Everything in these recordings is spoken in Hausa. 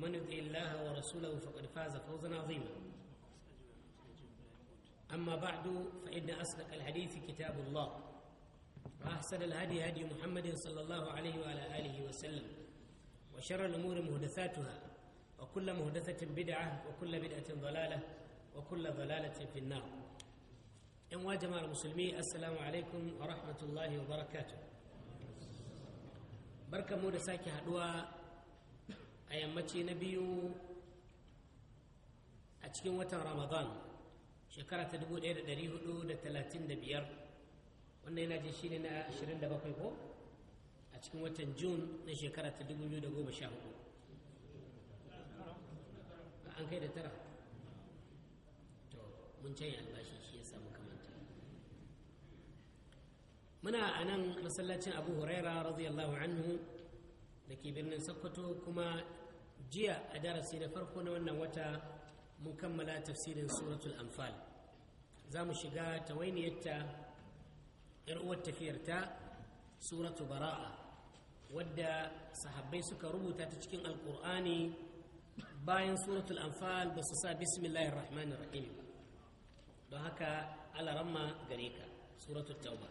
ومن يطع الله ورسوله فقد فاز فوزا عظيما أما بعد فإن أصدق الحديث كتاب الله وأحسن الهدي هدي محمد صلى الله عليه وعلى آله وسلم وشر الأمور مهدثاتها وكل مهدثة بدعة وكل بدعة ضلالة وكل ضلالة في النار إن جماعة المسلمين السلام عليكم ورحمة الله وبركاته بركة مودساكي ساكي a yammaci na biyu a cikin watan ramadan shekara ta 1435 wannan yana jin shine na 27 ko a cikin watan Jun na shekara ta 2014 an kai da tara to mun canye shi ya samu kamanta muna a nan masallacin abu huraira radiyallahu anhu da ke birnin sokoto kuma jiya a darasi da farko na wannan wata mun kammala tafsirin suratul anfal za mu shiga ta wainiyarta uwar tafiyarta suratul bara'a wadda sahabbai suka rubuta ta cikin alkur'ani bayan suratul anfal ba su sa bismillahir rahmanir rahim don haka alaramma gare ka suratul tauba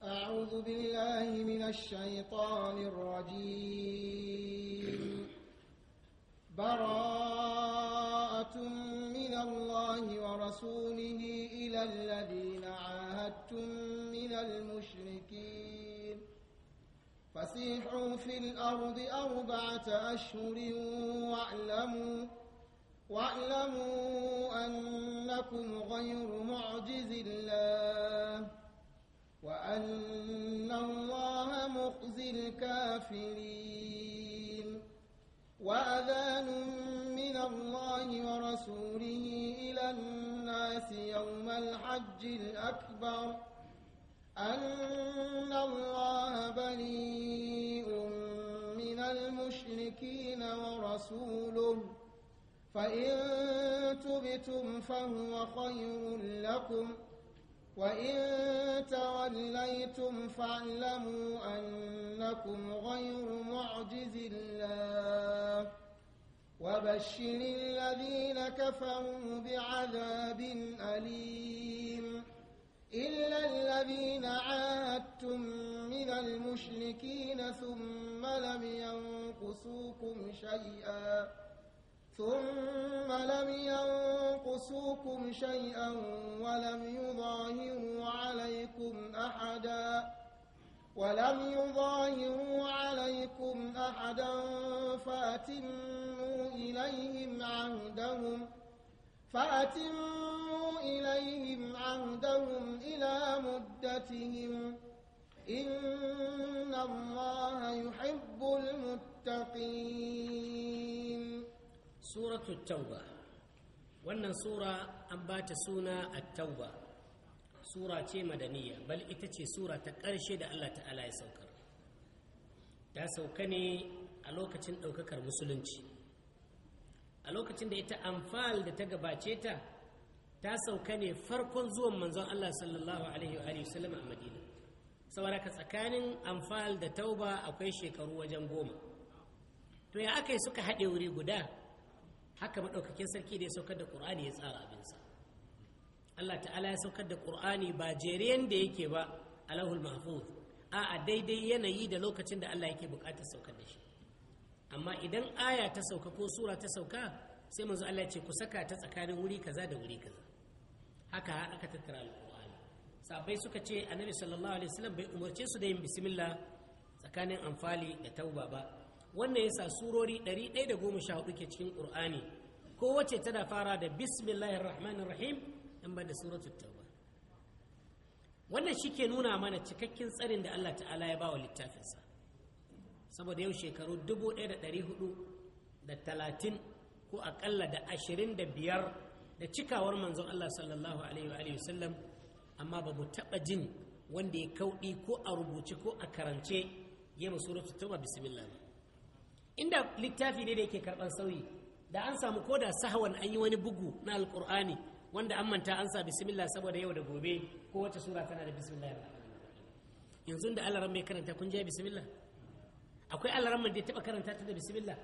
أعوذ بالله من الشيطان الرجيم براءة من الله ورسوله إلى الذين عاهدتم من المشركين فسيحوا في الأرض أربعة أشهر واعلموا واعلموا أنكم غير معجز الله وأن الله مخزي الكافرين وأذان من الله ورسوله إلى الناس يوم الحج الأكبر أن الله بريء من المشركين ورسوله فإن تبتم فهو خير لكم ۖ وإن توليتم فاعلموا أنكم غير معجز الله وبشر الذين كفروا بعذاب أليم إلا الذين عاهدتم من المشركين ثم لم ينقصوكم شيئا ثم لم ينقصوكم شيئا ولم يظاهروا عليكم أحدا ولم يظاهروا عليكم أحدا فأتموا إليهم عهدهم فأتموا إليهم عهدهم إلى مدتهم إن الله يحب المتقين suratu tauba wannan sura an ba ta suna at-tauba sura ce madaniya bal ita ce sura ta ƙarshe da Allah ta'ala ya saukar ta sauka ne a lokacin ɗaukakar musulunci a lokacin da ita amfal da ta gabace ta ta sauka ne farkon zuwan manzon Allah sallallahu alaihi wa sallam a Madina saboda ka tsakanin amfal da tauba akwai shekaru wajen goma to ya aka yi suka haɗe wuri guda haka maɗaukakin sarki da ya saukar da ƙur'ani ya tsara abinsa allah ta'ala ya saukar da ƙur'ani ba jeriyan da yake ba alahul mahfuz a'a daidai yanayi da lokacin da allah yake buƙatar saukar da shi amma idan aya ta sauka ko sura ta sauka sai manzo allah ce ku saka ta tsakanin wuri kaza da wuri kaza haka aka tattara alƙur'ani sabai suka ce annabi sallallahu alaihi wasallam bai umarce su da yin bismillah tsakanin amfali da tauba ba wannan yasa surori 114 ke cikin qur'ani kowace tana fara da bismillahir rahmanir rahim in bada da suratul tauba wannan shi ke nuna mana cikakken tsarin da Allah ta'ala ya bawa littafinsa saboda yau shekaru 1430 ko akalla da 25 da cikawar manzon Allah sallallahu alaihi wa sallam amma ba mu taɓa jin wanda ya kauɗi ko a rubuce ko a karance ya masu rutu tauba bismillah inda littafi ne da yake karɓar sauyi da an samu ko da sahawan an yi wani bugu na alƙur'ani wanda an manta an sa bismillah saboda yau da gobe ko wata sura tana da bismillah yanzu da alaran mai karanta kun je bismillah akwai alaran da ya taɓa karanta ta da bismillah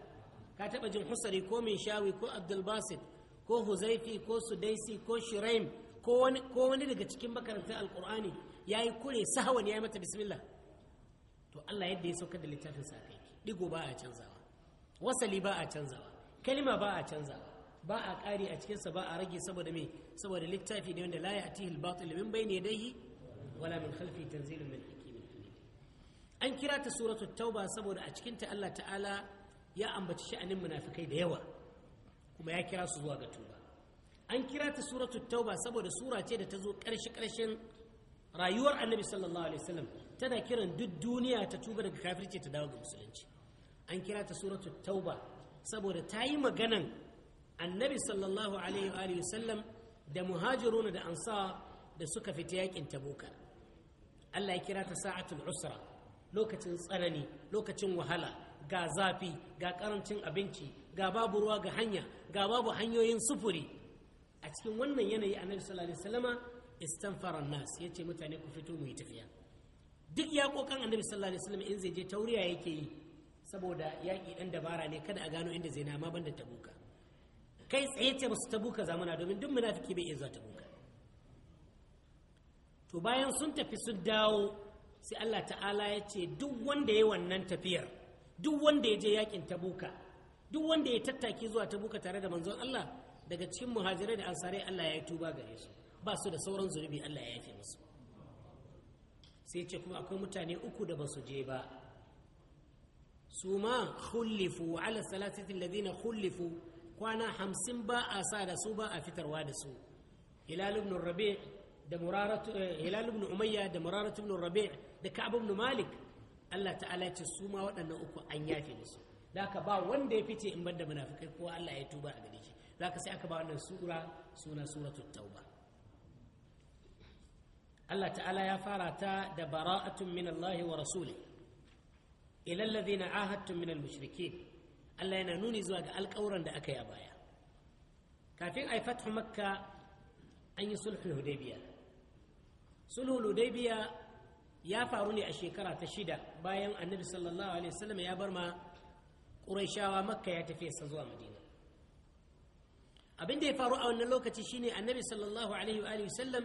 ka taɓa jin husari ko min shawi ko abdul basit ko huzaifi ko sudaisi ko shiraim ko wani daga cikin makarantar alkur'ani ya yi kure sahawan ya yi mata bismillah to allah yadda ya saukar da littafin sa kai digo ba a canzawa wasali ba a canzawa kalima ba a canzawa ba a ƙari a cikinsa ba a rage saboda me saboda littafi ne wanda la ya'tihi al-batil min ne yadayhi wala min khalfi tanzilun min hakimin hamid an kira ta suratul tauba saboda a cikinta Allah ta'ala ya ambaci sha'anin munafikai da yawa kuma ya kira su zuwa ga tuba an kira ta suratul tauba saboda sura ce da ta zo ƙarshe ƙarshen rayuwar annabi sallallahu alaihi wasallam tana kiran duk duniya ta tuba daga kafirci ta dawo ga musulunci an kira ta suratu tauba saboda ta yi maganan annabi sallallahu alaihi sallam da muhajiruna da ansa da suka fita yakin tabuka Allah ya kira ta sa'atul usra lokacin tsanani lokacin wahala ga zafi ga karancin abinci ga babu ruwa ga hanya ga babu hanyoyin sufuri a cikin wannan yanayi annabi sallallahu alaihi yace mutane ku fito mu yi tafiya duk ya kokan annabi sallallahu alaihi wasallam in zai je tauriya yake yi saboda yaƙi ɗan dabara ne kada a gano inda zai na ma banda tabuka kai tsaye ce su tabuka zamana domin duk munafiki bai iya zuwa tabuka to bayan sun tafi sun dawo sai Allah ta'ala ya ce duk wanda ya wannan tafiyar duk wanda ya je yaƙin tabuka duk wanda ya tattaki zuwa tabuka tare da manzon Allah daga cikin muhajirai da ansarai Allah ya yi tuba gare su ba su da sauran zunubi Allah ya yafe musu sai ce kuma akwai mutane uku da ba su je ba su ma khullifu ala salatatin ladina khullifu kwana hamsin ba a sa da su ba a fitarwa da su hilal ibn rabi' da muraratu hilal ibn umayya da muraratu ibn rabi' da ka'ab ibn malik Allah ta'ala ce su ma waɗannan uku an yafe su da ka ba wanda ya fice in banda munafikai ko Allah ya tuba a gare shi za ka sai aka ba wannan sura suna suratul tauba Allah ta'ala ya fara ta da bara'atun min Allah wa rasuli ilal na ahadtum minal mushrikin Allah yana nuni zuwa ga alƙawuran da aka yi a baya kafin ai fathu makka an yi sulhu hudaybiya sulhul hudaybiya ya faru ne a shekara ta shida bayan annabi sallallahu alaihi wasallam ya bar ma quraishawa makka ya tafi sa zuwa madina abin da ya faru a wannan lokaci shine annabi sallallahu alaihi wa alihi wasallam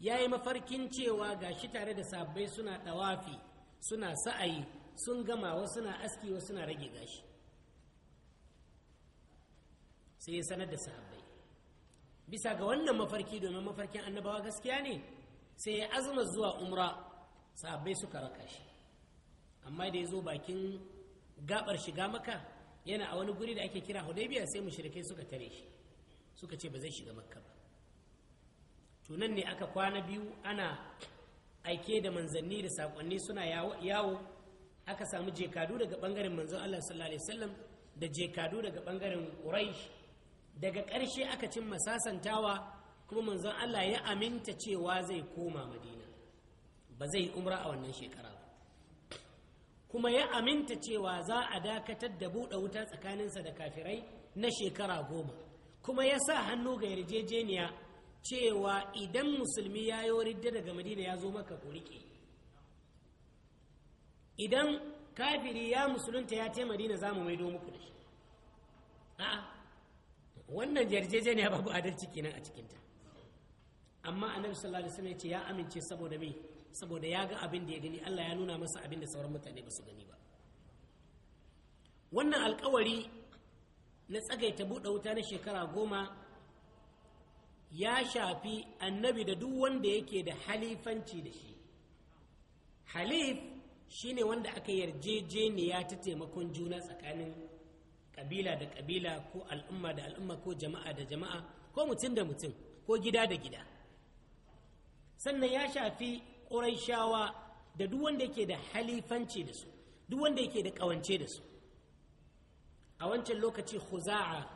yayi mafarkin cewa gashi tare da sabbai suna ɗawafi suna sa'ayi sun gama wasu na aski wasu na rage gashi sai ya sanar da sahabbai bisa ga wannan mafarki domin mafarkin annabawa gaskiya ne sai ya azumar zuwa umra sahabbai suka raka shi amma da ya zo bakin gabar shiga maka yana a wani guri da ake kira hudaybiya sai mushrikai suka tare shi suka ce ba zai shiga makka ba tunan ne aka kwana biyu ana aike da manzanni da saƙonni suna yawo aka samu jekadu daga bangaren manzon Allah sallallahu alaihi wasallam da jekadu daga bangaren Quraysh daga ƙarshe aka cimma sasantawa kuma manzon Allah ya aminta cewa zai koma Madina ba zai umra a wannan shekara ba kuma ya aminta cewa za a dakatar da buɗe wuta tsakaninsa da kafirai na shekara goma kuma ya sa hannu ga yarjejeniya cewa idan musulmi ya yi daga madina ya zo maka ku riƙe idan kafiri ya musulunta ya ce madina za mu maido muku da shi a wannan yarjejeniya babu adalci kenan a cikinta amma annabi sallallahu alaihi wasallam ya ce ya amince saboda me saboda ya ga abin da ya gani Allah ya nuna masa abin da sauran mutane ba su gani ba wannan alkawari na tsagaita buɗe wuta na shekara goma ya shafi annabi da duk wanda yake da halifanci da shi halif shine wanda aka yarjejeniya ta taimakon juna tsakanin kabila da kabila ko al'umma da al'umma ko jama'a da jama'a ko mutum da mutum ko gida da gida sannan ya shafi ƙuraishawa da duk wanda yake da halifanci da su duk wanda yake da ƙawance da su a wancan lokaci huza'a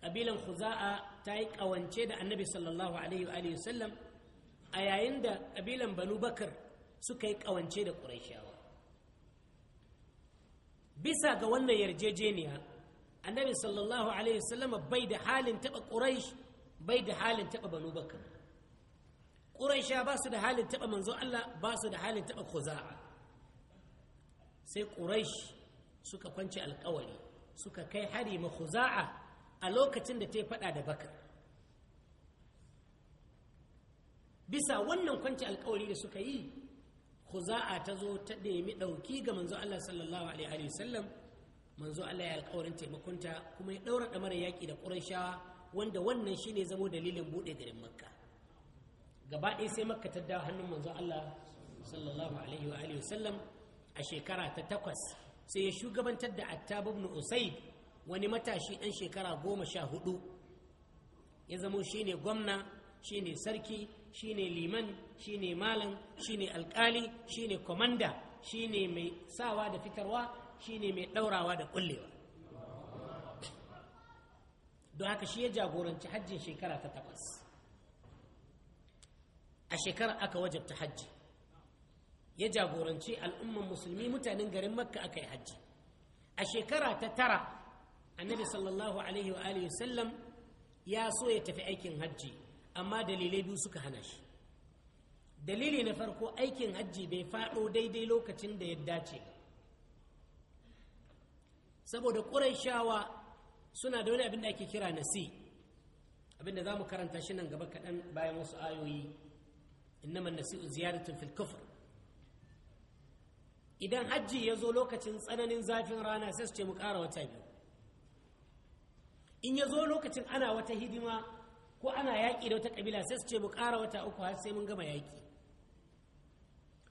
ƙabilan huza'a ta yi ƙawance da annabi sallallahu alaihi wa sallam a yayin da ƙabilan banu bakar suka yi ƙawance da ƙurashawa bisa ga wannan yarjejeniya annabi sallallahu alaihi wasallama bai da halin taɓa ƙuraish bai da halin taɓa banu bakar ƙuraisha ba su da halin taɓa manzo Allah ba su da halin taɓa kuzaa, sai ƙuraish suka kwance alƙawari suka kai hari ma kuzaa a lokacin da ta yi faɗa da bakar bisa wannan kwance alƙawari da suka yi a ta zo ta nemi ɗauki ga manzo Allah sallallahu alaihi wasallam manzo Allah ya alƙawarin taimakonta kuma ya ɗaura mara yaƙi da ƙurashawa wanda wannan shine zamo dalilin buɗe garin makka gaba ɗaya sai makka ta dawo hannun manzo Allah sallallahu alaihi wa alihi wasallam a shekara ta takwas sai ya shugabantar da attab ibn usaid wani matashi ɗan shekara goma sha hudu ya zamo shine gwamna shine sarki shine liman shine malam shine alkali shine komanda shine mai sawa da fitarwa shine mai daurawa da kullewa don haka shi ya jagoranci hajjin shekara ta takwas a shekara aka wajabta hajji ya jagoranci al'umman musulmi mutanen garin makka aka yi hajji a shekara ta tara annabi sallallahu alaihi wa sallam ya so ya tafi aikin hajji amma dalilai biyu suka hana shi dalili na farko aikin hajji bai faɗo daidai lokacin da ya dace saboda ƙuraishawa suna da wani abin da ake kira nasi abin da za mu karanta shi nan gaba kaɗan bayan wasu ayoyi innama nasi'u ziyaratun fil kufr idan hajji ya zo lokacin tsananin zafin rana sai su ce mu ƙara wata biyu in ya zo lokacin ana wata hidima ko ana yaƙi da wata ƙabila sai su ce mu ƙara wata uku har sai mun gama yaƙi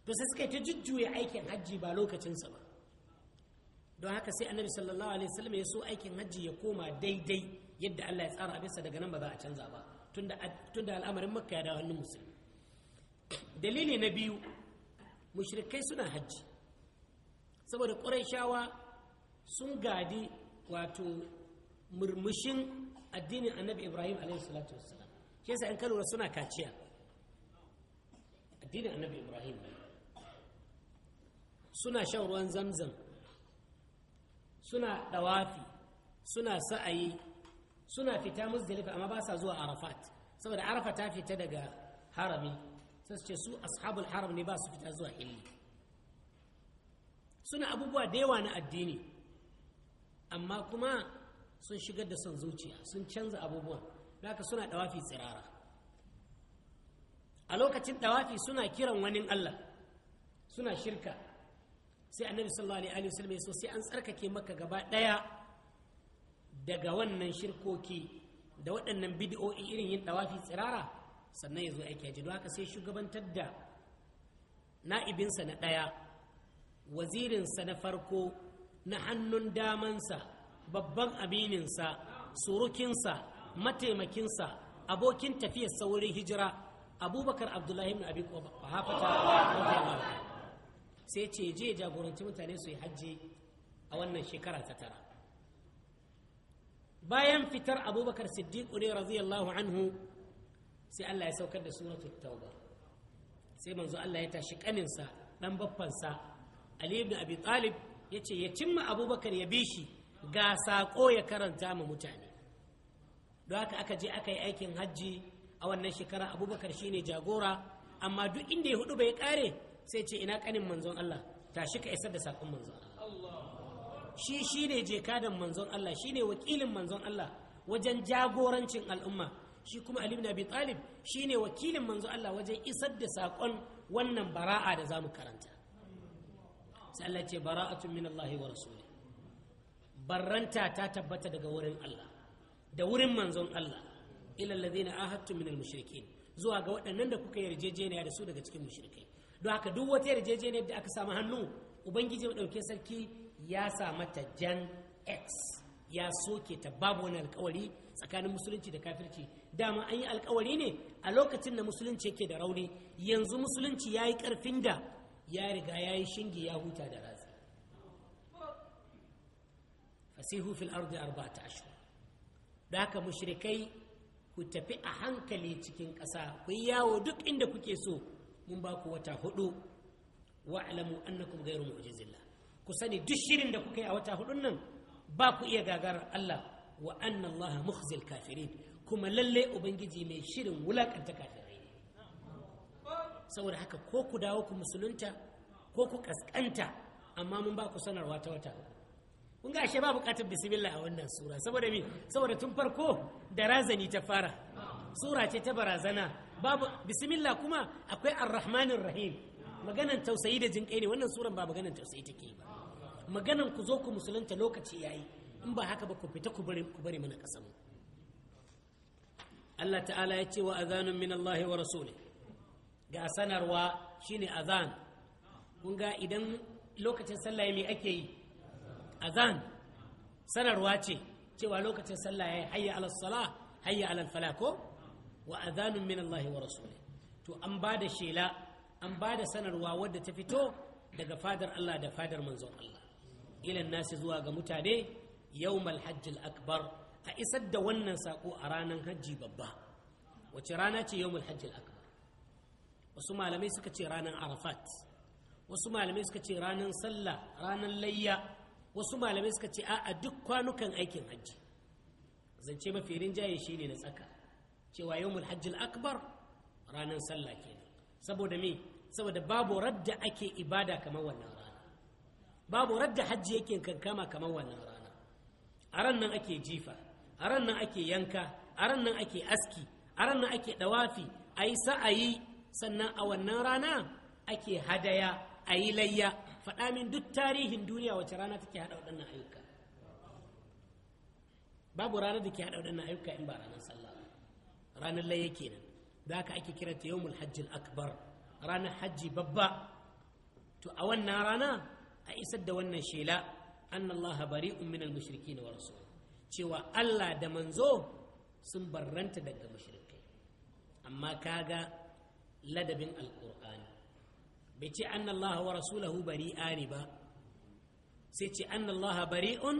to sai suka yi ta jujjuya aikin hajji ba lokacinsa ba don haka sai annabi sallallahu alaihi wasallam ya so aikin hajji ya koma daidai yadda Allah ya tsara abinsa daga nan ba za a canza ba tunda tunda al'amarin makka ya dawo hannun musulmi dalili na biyu mushrikai suna hajji saboda ƙurayshawa sun gadi wato murmushin addinin annabi ibrahim alaihissalatu wassalam shi yasa in kalura suna kaciya addinin annabi ibrahim suna shan ruwan zamzam suna dawafi suna sa'ayi suna fita muzdalifa amma ba sa zuwa arafat saboda arafa ta fita daga harami sai su ce su ashabul haram ne ba su fita zuwa illi suna abubuwa da yawa na addini amma kuma sun shigar da son zuciya sun canza abubuwan aka suna dawafi tsirara a lokacin dawafi suna kiran wani Allah suna shirka sai annabi sallallahu alaihi wasallam ya so sai an tsarkake maka gaba daya daga wannan shirkoki da waɗannan bid'o'i irin yin dawafi tsirara sannan ya zo aiki haji don haka sai shugabantar da na'ibinsa na ɗaya wazirinsa na farko na hannun damansa babban amininsa surukinsa mataimakinsa abokin tafiyar saurin hijira abubakar abdullahi ibn abi hafata sai ce je jagoranci mutane su yi hajji a wannan shekara ta tara bayan fitar abubakar siddiqu ne radiyallahu anhu sai Allah ya saukar da suratul tauba sai manzo Allah ya tashi kaninsa dan baffansa Ali ibn Abi Talib yace ya cimma Abubakar ya bi shi ga saƙo ya karanta ma mutane don haka aka je aka yi aikin hajji a wannan shekara abubakar shine jagora amma duk inda ya hudu bai kare sai ce ina kanin manzon Allah tashi ka isar da saƙon manzon Allah shi shine kadan manzon Allah shine wakilin manzon Allah wajen jagorancin al'umma shi kuma Ali ibn Abi Talib shine wakilin manzon Allah wajen isar da saƙon wannan bara'a da zamu karanta sai Allah ce bara'atun min Allah wa rasuli barranta ta tabbata daga wurin Allah da wurin manzon Allah ila ladina ahadtu minal mushrikin zuwa ga waɗannan da kuka yarjejeniya da su daga cikin mushrikai don haka duk wata yarjejeniyar da aka samu hannu ubangiji dauke sarki ya samu ta jan x ya soke ta babu wani alkawari tsakanin musulunci da kafirci dama an yi alkawari ne a lokacin da musulunci yake da rauni yanzu musulunci ya yi karfin da ya riga ya yi shinge ya huta da rana fasihu fil ardi arba'ata ashhur da haka mushrikai ku tafi a hankali cikin ƙasa ku yi yawo duk inda kuke so mun ba ku wata hudu wa alamu annakum ghayru mu'jizillah ku sani duk shirin da kuka yi a wata hudun nan ba ku iya gagarar Allah wa anna Allah mukhzil kafirin kuma lalle ubangiji mai shirin wulakanta kafirai ne saboda haka ko ku dawo ku musulunta ko ku kaskanta amma mun ba ku sanarwa ta wata hudu kun ga ashe ba bukatar bismillah a wannan sura saboda me saboda tun farko da razani ta fara sura ce ta barazana babu bismillah kuma akwai arrahmanir rahim maganan tausayi da jinkai ne wannan suran ba maganan tausayi take ba maganan ku zo ku musulunta lokaci yayi in ba haka ba ku fita ku bari ku bari mana kasamu Allah ta'ala ya ce wa azanun min Allah wa rasuli ga sanarwa shine azan kun ga idan lokacin sallah ake yi azan sanarwa ce cewa lokacin sallah ya yi hayya alasala, sala hayya fala ko wa azanun min Allah wa rasuli to an ba da shela an ba da sanarwa wadda ta fito daga fadar Allah da fadar manzon Allah ilan nasi zuwa ga mutane yawmal hajjil akbar a isar da wannan sako a ranar hajji babba wace rana ce yawmal hajjil akbar wasu malamai suka ce ranar arafat wasu malamai suka ce ranar sallah ranar layya wasu malamai suka ce a duk kwanukan aikin hajji zance mafi rinjaye shi ne na tsaka cewa yau hajjil akbar ranar sallah kenan saboda me saboda babu radda ake ibada kamar wannan rana babu radda hajji yake kankama kamar wannan rana a ran nan ake jifa a ran nan ake yanka a ran nan ake aski a ran nan ake dawafi a yi sa'ayi sannan a wannan rana ake hadaya a yi layya faɗa min duk tarihin duniya wace rana take haɗa waɗannan ayyuka babu ranar da ke haɗa waɗannan ayyuka in ba ranar sallah ranar laye kenan da aka ake kira ta yawmul hajjil akbar ranar hajji babba to a wannan rana a isar da wannan shela an Allah bari'un minal mushrikin wa rasul cewa Allah da manzo sun barranta daga mushrikai amma kaga ladabin alqur'ani bai ce an Allah wa rasulahu bari'ani ba sai ce an Allah bari'un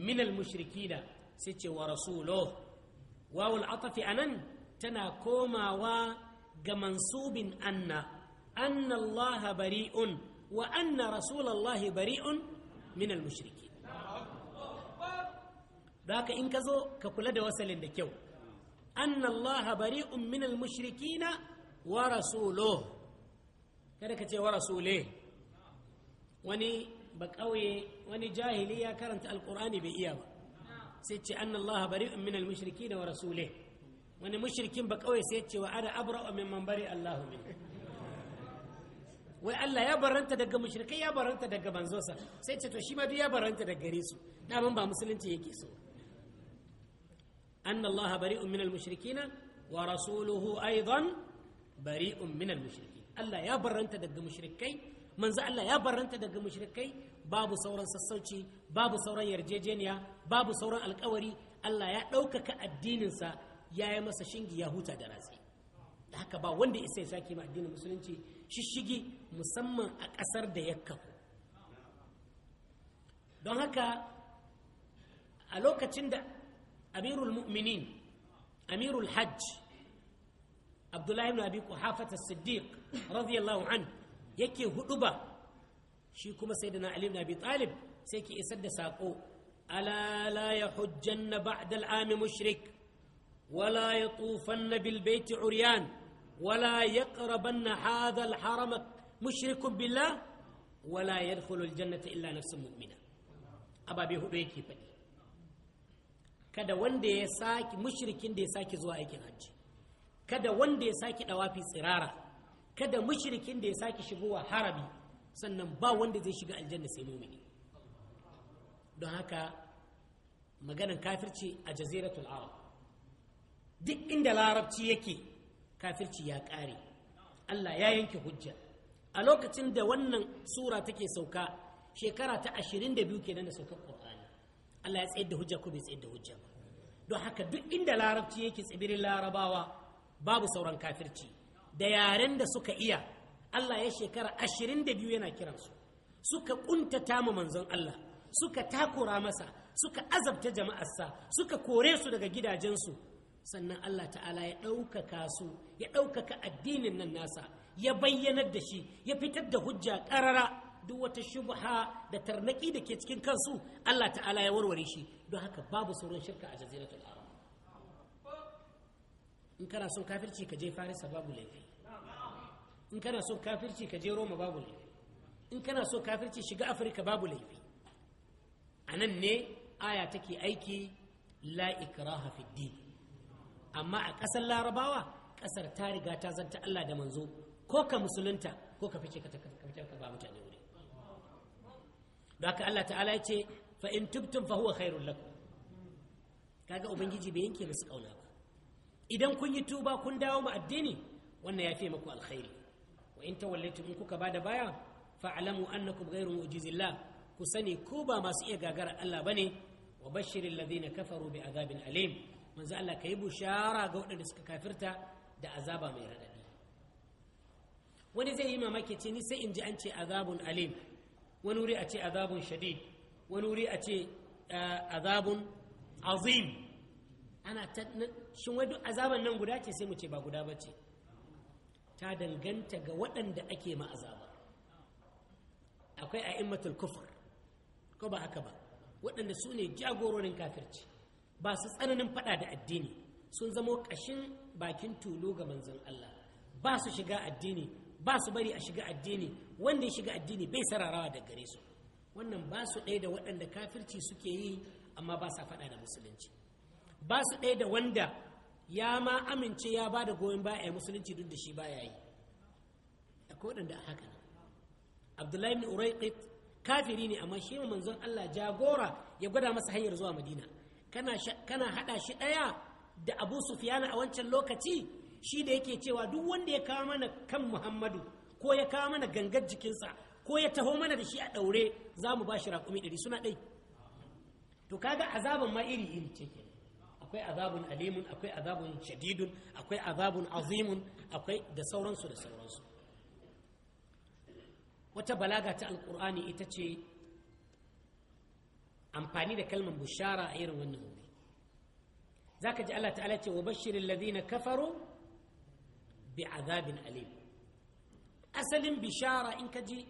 min al-mushrikina sai ce wa rasuluhu wawul atafi anan tana komawa ga mansubin anna anna Allah bari'un wa anna rasulallahi bari'un min al-mushriki da haka in ka zo ka kula da wasalin da kyau anna Allah bari'un min al-mushrikina wa rasuluhu kada ka ce wa rasule wani ba ƙauye wani jahili ya karanta alƙur'ani bai iya ba sai ce anna bari bari'un min al-mushriki wa rasule wani mushrikin ba ƙauye sai ce wa ana min man bari allahu min wai Allah ya baranta daga mushrikai ya baranta daga banzosa sai ce to shi ma duk ya baranta daga gare su daman ba musulunci yake so anna allaha bari'un min al-mushrikina wa rasuluhu aidan bari min al Allah ya barranta daga mushrikai manzo Allah ya barranta daga mushrikai babu sauran sassauci babu sauran yarjejeniya babu sauran alkawari Allah ya ɗaukaka addininsa ya yi masa shingi ya huta da ratsi da haka ba wanda isa ya sake ma addinin musulunci shishigi musamman a ƙasar da ya kafu don haka a lokacin da amirul mu'minin amirul hajj abdullahi ibn abi quhafa as-siddiq radiyallahu an yake huduba shi kuma sayyidina ali ibn abi talib sai ke isar da sako ala la yahujjanna ba'da al'am mushrik wala ya yatufanna na bilbaiti uryan wala ya yaqrabanna na al haram mushrik billah wala ya al jannata illa nafsun mu'mina ababe hudu yake faɗi kada wanda ya saki mushrikin da ya saki zuwa aikin hajji kada wanda ya saki dawafi tsirara kada mushrikin da ya sake shigo shigowa harabi sannan ba wanda zai shiga aljanna sai mumini don haka maganan kafirci a jaziratul arab duk inda larabci yake kafirci ya ƙare allah ya yanke hujja a lokacin da wannan sura take sauka shekara ta 22 kenan da saukar ƙur'ani allah ya tsayar da hujja ko bai tsayar da hujja don haka duk inda larabci yake tsibirin larabawa babu sauran kafirci da yaren da suka iya Allah ya shekara ashirin da biyu yana kiransu suka ƙuntata ma manzon Allah suka takura masa suka azabta jama'arsa suka kore su daga gidajensu sannan Allah ta'ala ya ɗaukaka su ya ɗaukaka addinin nan nasa ya bayyanar da shi ya fitar da hujja ƙarara duk wata shubha da tarnaki da ke cikin kansu Allah ta'ala ya warware shi don haka babu sauran shirka a jaziratul arab in kana son kafirci ka je farisa babu laifi in kana so kafirci ka je roma babu laifi in kana so kafirci shiga afirka babu laifi a nan ne aya take aiki la ikraha fi din amma a ƙasar larabawa ƙasar ta riga ta zanta allah da manzo ko ka musulunta ko ka fice ka fitar ka ba mutane wuri don haka allah ta'ala ya ce fa in tubtum fa huwa khairul lakum kaga ubangiji bai yanke musu kauna ba idan kun yi tuba kun dawo mu addini wannan ya fi maku alkhairi wa in tawallaitum in kuka ba da baya fa'lamu annakum ghayru mu'jizillah ku sani ko ba masu iya gagara Allah bane wa bashiril ladina kafaru bi azabin alim manzo Allah kai bushara ga waɗanda suka kafirta da azaba mai raɗaɗi? wani zai yi mamaki ce ni sai in ji an ce azabun alim wani wuri a ce azabun shadid wani wuri a ce ah, azabun azim ana ta duk azaban nan guda ce sai mu ce ba guda ba ce ta danganta ga waɗanda ake ma'azaba akwai a'immatul kufur ko ba haka ba waɗanda su ne jagororin kafirci ba su tsananin faɗa da addini sun zamo ƙashin bakin tulu ga manzon Allah ba su shiga addini ba su bari a shiga addini wanda ya shiga addini bai sararawa da gare su wannan ba su ɗaya da waɗanda kafirci suke yi amma ba sa faɗa da musulunci ba su ɗaya da wanda ya ma amince ya ba da goyon baya ya musulunci duk da shi baya yi a kodin da haka abdullahi ibn uraiqit kafiri ne amma shi manzon Allah jagora ya gwada masa hanyar zuwa madina kana kana hada shi daya da abu sufyana a wancan lokaci shi da yake cewa duk wanda ya kawo mana kan muhammadu ko ya kawo mana gangar jikinsa ko ya taho mana da shi a daure za mu ba shi raƙumi ɗari suna ɗai to kaga azaban ma iri iri ce kenan akwai azabun alimun akwai azabun shadidun akwai azabun azimun akwai da sauransu da sauransu wata balaga ta alkur'ani ita ce amfani da kalmar bushara a irin wannan wuri za ka ji allah ta'ala ce wa bashirin ladina kafaru bi azabin alim asalin bishara in ka ji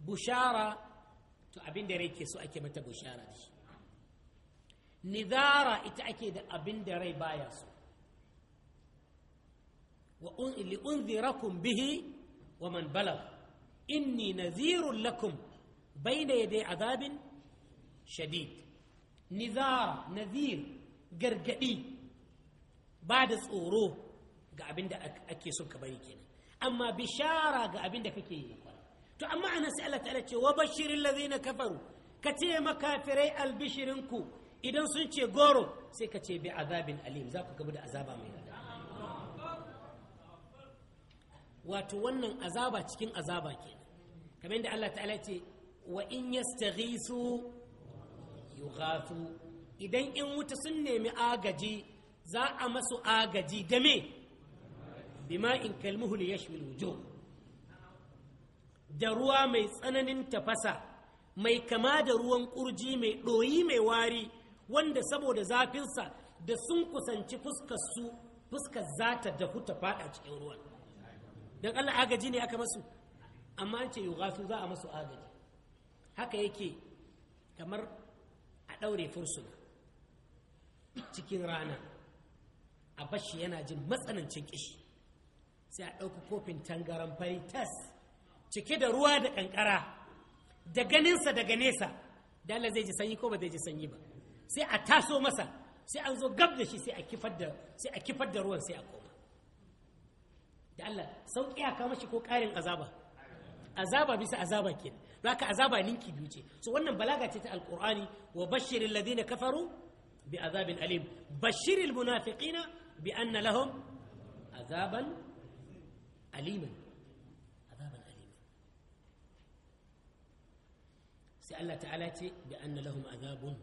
bushara to abin da rai ke so ake mata bushara da shi nizara ita ake da abin da rai baya so wa li'unzirakum bihi wa man balag inni nazirun lakum baina yadai azabin shadid nizara nazir gargadi ba da tsoro ga abin da ake son ka bari kenan amma bishara ga abin da kake yi to amma ana sai Allah ta'ala ce wa bashirin lazina kafaru ka ce makafirai albishirinku idan sun ce goro sai ka ce bi azabin alim za ku gabu da azaba mai rada wato wannan azaba cikin azaba ke kamar yadda Allah ta'ala ce wa in yastaghisu yughathu idan in wuta sun nemi agaji za a masu agaji me bima in kalmuhu li yashmil wujuh da ruwa mai tsananin tafasa mai kama da ruwan kurji mai ɗoyi mai wari wanda saboda zafinsa da sun kusanci fuskar su fuskar za ta dahu ta fada cikin ruwan don Allah agaji ne aka masu amma an ce yughasu za a masu agaji haka yake kamar a ɗaure fursuna cikin rana a bashi yana jin matsanancin kishi sai a ɗauki kofin tangaran fari tas cike da ruwa da ƙanƙara da ganinsa daga nesa da Allah zai ji sanyi ko ba zai ji sanyi ba sai a taso masa sai an zo gab da shi sai a kifar da ruwan sai a koma da Allah sauƙi ya kama shi ko ƙarin azaba azaba bisa azaba kenan zaka azaba ninki biyu ce so wannan balaga ce ta alqur'ani wa bashiril ladina kafaru bi azabin alim bashirin munafiqina bi anna lahum azaban aliman azaban aliman sai Allah ta'ala ce bi anna lahum azabun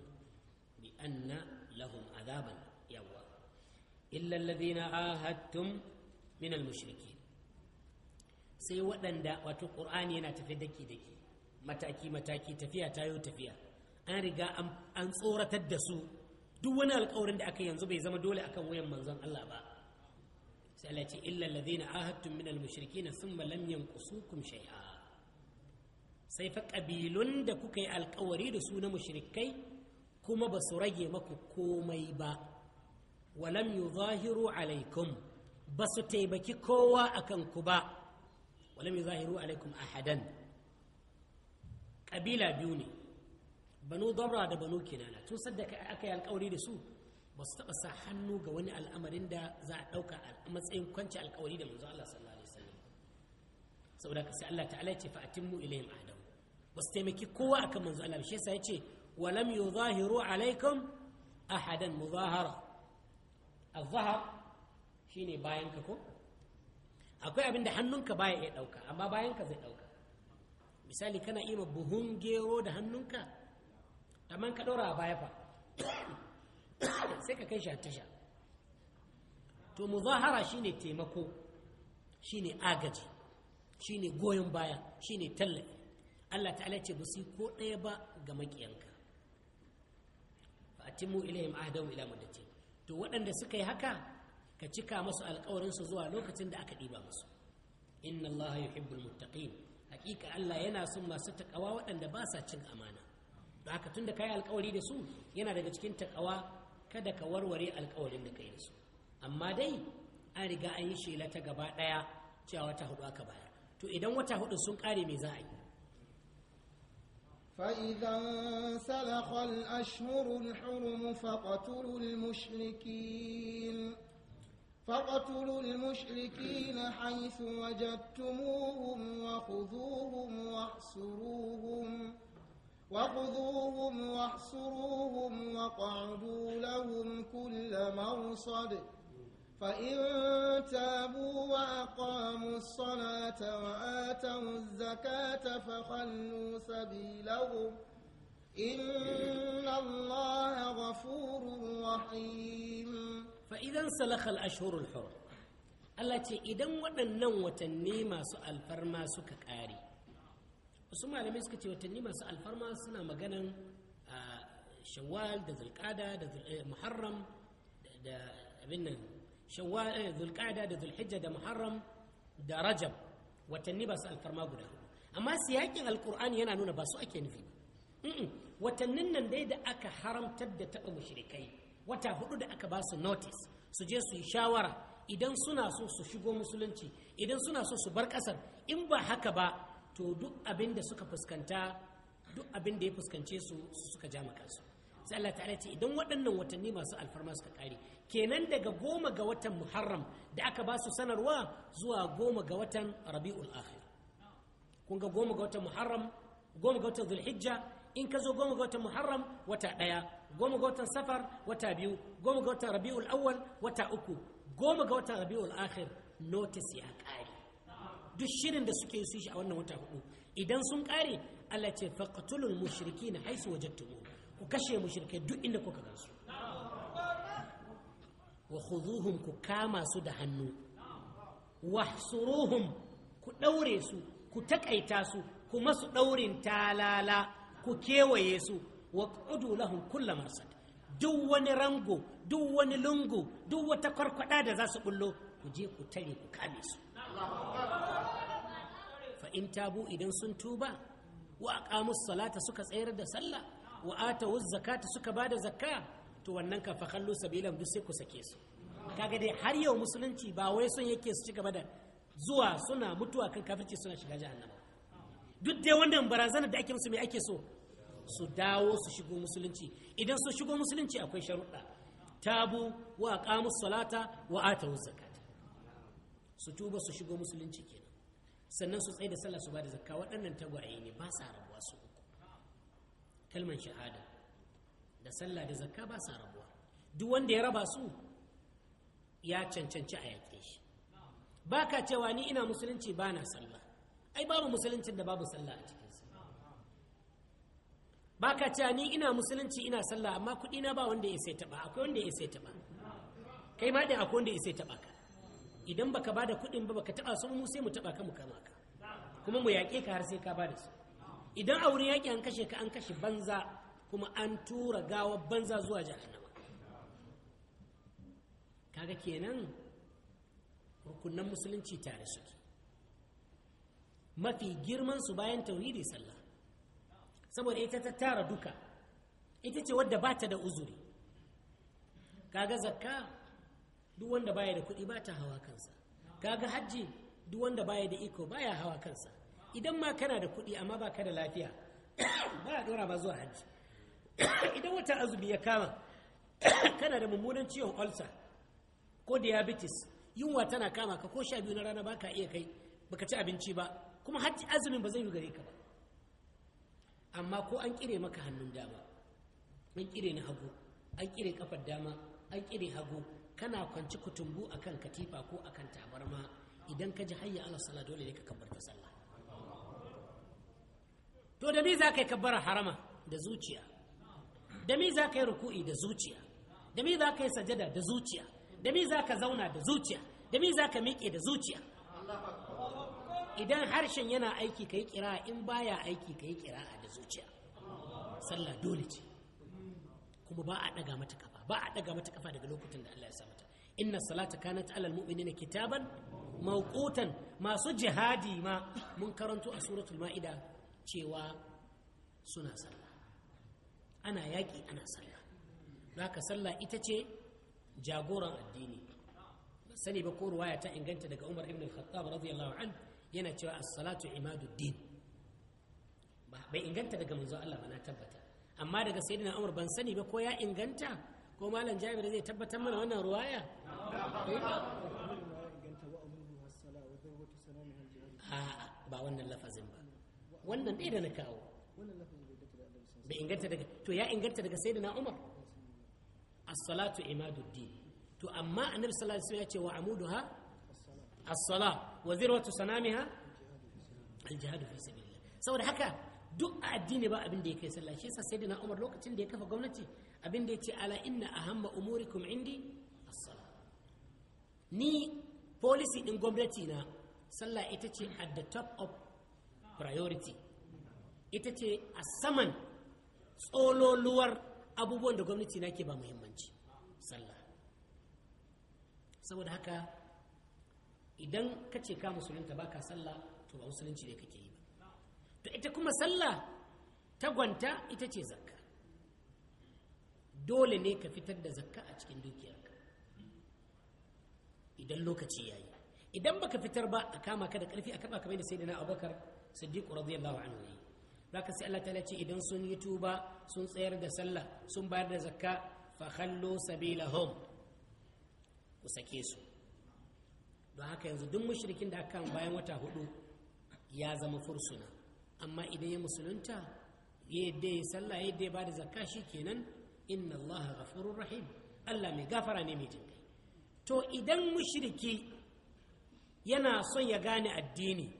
anna lahum azaban yawwa illa alladhina ahadtum min almushrikin sai waɗanda wato Ƙur'ani yana tafi daki daki mataki mataki tafiya yau tafiya an riga an tsoratar da su duk wani alƙawarin da aka yanzu bai zama dole akan wayan manzon Allah ba sai Allah ce illa alladhina ahadtum min almushrikin thumma lam yanqusukum shay'a sai fa ƙabilun da kuka yi alkawari da su na mushrikai kuma ba su rage maku komai ba walam zahiru alaikum ba su taimaki kowa a kanku ba walam yuzahiru alaikum ahadan ƙabila biyu ne banu dabra da banu kinana tun sadda aka yi alkawari da su ba su taɓa sa hannu ga wani al'amarin da za a ɗauka a matsayin kwanci alkawari da manzo Allah sallallahu alaihi wasallam saboda ka sai Allah ta'ala ya ce fa atimmu ilayhim ahdahu ba su taimaki kowa akan manzo Allah shi yasa ya ce ولم يظاهروا عليكم أحدا مظاهرة الظهر shine bayanka ko akwai abin da hannunka baya iya ɗauka amma bayanka zai ɗauka misali kana iya buhun gero da hannunka amma ka ɗora a baya fa sai ka kai shi a to muzahara shine taimako shine agaji shine goyon baya shine tallafi Allah ta'ala ce ba su ko ɗaya ba ga makiyanka atimu ilayhim ahdahu ila muddati to waɗanda suka yi haka ka cika musu alƙawarin su zuwa lokacin da aka diba musu inna allaha yuhibbul muttaqin haƙiƙa Allah yana son masu takawa waɗanda ba sa cin amana da haka tunda kai alƙawari da su yana daga cikin takawa kada ka warware alƙawarin da kai da su amma dai an riga an yi shela ta gaba ɗaya cewa wata hudu aka bayar to idan wata hudu sun ƙare me za a yi فإذا انسلخ الأشهر الحرم فاقتلوا المشركين فاقتلوا المشركين حيث وجدتموهم وخذوهم واحصروهم وخذوهم واحصروهم واقعدوا لهم كل مرصد فإن تابوا وأقاموا الصلاة وآتوا الزكاة فخلوا سبيلهم إن الله غفور رحيم فإذا انسلخ الأشهر الحرم التي idan waɗannan watanni masu alfarma suka ƙare wasu malamai suka ce watanni masu alfarma suna maganan shawwal da zulƙada da muharram da abin nan shawwal zulqa'da da zulhijja da muharram da rajab watanni ba su alfarma guda amma siyakin alqur'ani yana nuna ba su ake nufi watannin nan dai da aka haramtar da taɓa mushrikai wata hudu da aka ba su notice su je su yi shawara idan suna so su shigo musulunci idan suna so su bar ƙasar in ba haka ba to duk abin da suka fuskanta duk abin da ya fuskance su suka ja kansu sai Allah ta'ala ce idan waɗannan watanni masu alfarma suka kare kenan daga goma ga watan muharram da aka ba su sanarwa zuwa goma ga watan rabi'ul akhir kun ga goma ga watan muharram goma ga watan zulhijja in ka zo goma ga watan muharram wata ɗaya goma ga watan safar wata biyu goma ga watan rabi'ul awwal wata uku goma ga watan rabi'ul akhir notice ya ƙare duk shirin da suke su shi a wannan wata hudu idan sun ƙare Allah ce faqtulul mushrikina haisu wajadtumu ku kashe mushrikai duk inda kuka gansu wa khuzuhum ku kama su da hannu wahsuruhum ku ɗaure su ku taƙaita su kuma su ɗaurin talala ku kewaye su wa qudu lahum kullu marsad duk wani rango duk wani lungu duk wata kwarkwada da za su bullo ku je ku tare ku kame su fa in tabu idan sun tuba wa aqamus salata suka tsayar da sallah wa atawuz zakata suka bada zakka to wannan ka fa kallo sabilan duk sai ku sake su kaga dai har yau musulunci ba wai son yake su ci gaba da zuwa suna mutuwa kan kafirci suna shiga jahannama duk dai wannan barazana da ake musu mai ake so su dawo su shigo musulunci idan su shigo musulunci akwai sharuɗa tabu wa aqamu salata wa atu zakat su tuba su shigo musulunci kenan sannan su tsaye da sallah su ba da zakka waɗannan tagwaye ne ba sa rabuwa su uku kalman shahada da sallah da zakka ba sa rabuwa duk wanda ya raba su ya cancanci a yaƙe shi ba ka cewa ni ina musulunci ba na sallah ai babu musuluncin da babu sallah a cikinsa ba ka cewa ni ina musulunci ina sallah amma kuɗi na ba wanda ya sai taɓa akwai wanda ya sai taɓa kai ma da akwai wanda ya sai taɓa ka idan baka ba da kuɗin ba baka taɓa su mu sai mu taɓa ka mu kama ka kuma mu yaƙe ka har sai ka ba da su idan a wurin yaƙi an kashe ka an kashe banza kuma an tura gawar banza zuwa jahannama kaga kenan rukunan musulunci tare suke mafi girman su bayan tauhidi sallah saboda ita ta tara duka ita ce wadda bata da uzuri kaga zakka duk wanda baya da kuɗi bata hawa kansa kaga hajji duk wanda baya da iko baya hawa kansa idan ma kana da kuɗi amma baka da lafiya ba a ɗora ba zuwa hajji idan wata azumi ya kama kana da mummunan ciwon ulcer ko diabetes yunwa tana kama ka ko sha biyu na rana baka iya kai baka ci abinci ba kuma hajji azumin ba zai yi gare ka ba amma ko an kire maka hannun dama an kire na hagu an kire kafar dama an kire hagu kana kwanci kutumbu akan katifa ko akan tabarma idan ka ji hayya ala sallah dole ne ka kabbarta sallah to da me za ka yi kabbara harama da zuciya da mi za ka yi ruku'i da zuciya da mi za ka yi sajada da zuciya da mi za ka zauna da zuciya da mi za ka miƙe da zuciya idan harshen yana aiki ka yi ƙira'a in baya aiki ka yi ƙira'a da zuciya sallah dole ce kuma ba a ɗaga mata kafa ba a ɗaga mata kafa daga lokutan da Allah ya sa mata inna salata kanat ala almu'minina kitaban mawqutan masu jihadi ma mun karanto a suratul ma'ida cewa suna sallah ana yaƙi ana sallah ka sallah ita ce jagoran addini ba sani ba ko ruwaya ta inganta daga umar ibn al-khattab radiyallahu an yana cewa as-salatu imaduddin ba bai inganta daga manzo Allah ba na tabbata amma daga sayyidina umar ban sani ba ko ya inganta ko malam jabir zai tabbatar mana wannan ruwaya eh? ba wannan lafazin ba wannan ɗaya da na kawo bai inganta daga to ya inganta daga as-salatu imaduddin to amma annabi sallallahu alaihi wasallam ya ce wa amuduha as-sala wa zirwatu sanamiha al-jihadu fi sabilillah saboda haka duk addini ba abin da ya kai sallah shi yasa sayyidina umar lokacin da ya kafa gwamnati abin da ya ce ala inna ahamma umurikum indi as-sala ni policy din gwamnati na sallah ita ce at the top of priority ita ce a saman tsololuwar abubuwan da gwamnati na ke ba muhimmanci sallah saboda haka idan ka ce ka musulunta baka sallah to ba musulunci ne kake yi ba to ita kuma sallah gwanta ita ce zakka dole ne ka fitar da zakka a cikin dukiyarka idan lokaci yayi idan baka fitar ba a kama ka da karfi a kaba kamar da na abubakar siddiq radiyallahu anhu zaka sai Allah ta'ala ce idan sun yi tuba sun tsayar da sallah sun bayar da zakka fa khallu sabilahum ku sake su don haka yanzu duk mushrikin da aka bayan wata hudu ya zama fursuna amma idan ya musulunta yadda ya sallah yadda ya bada zakka kenan inna Allah ghafurur rahim Allah mai gafara ne mai to idan mushriki yana son ya gane addini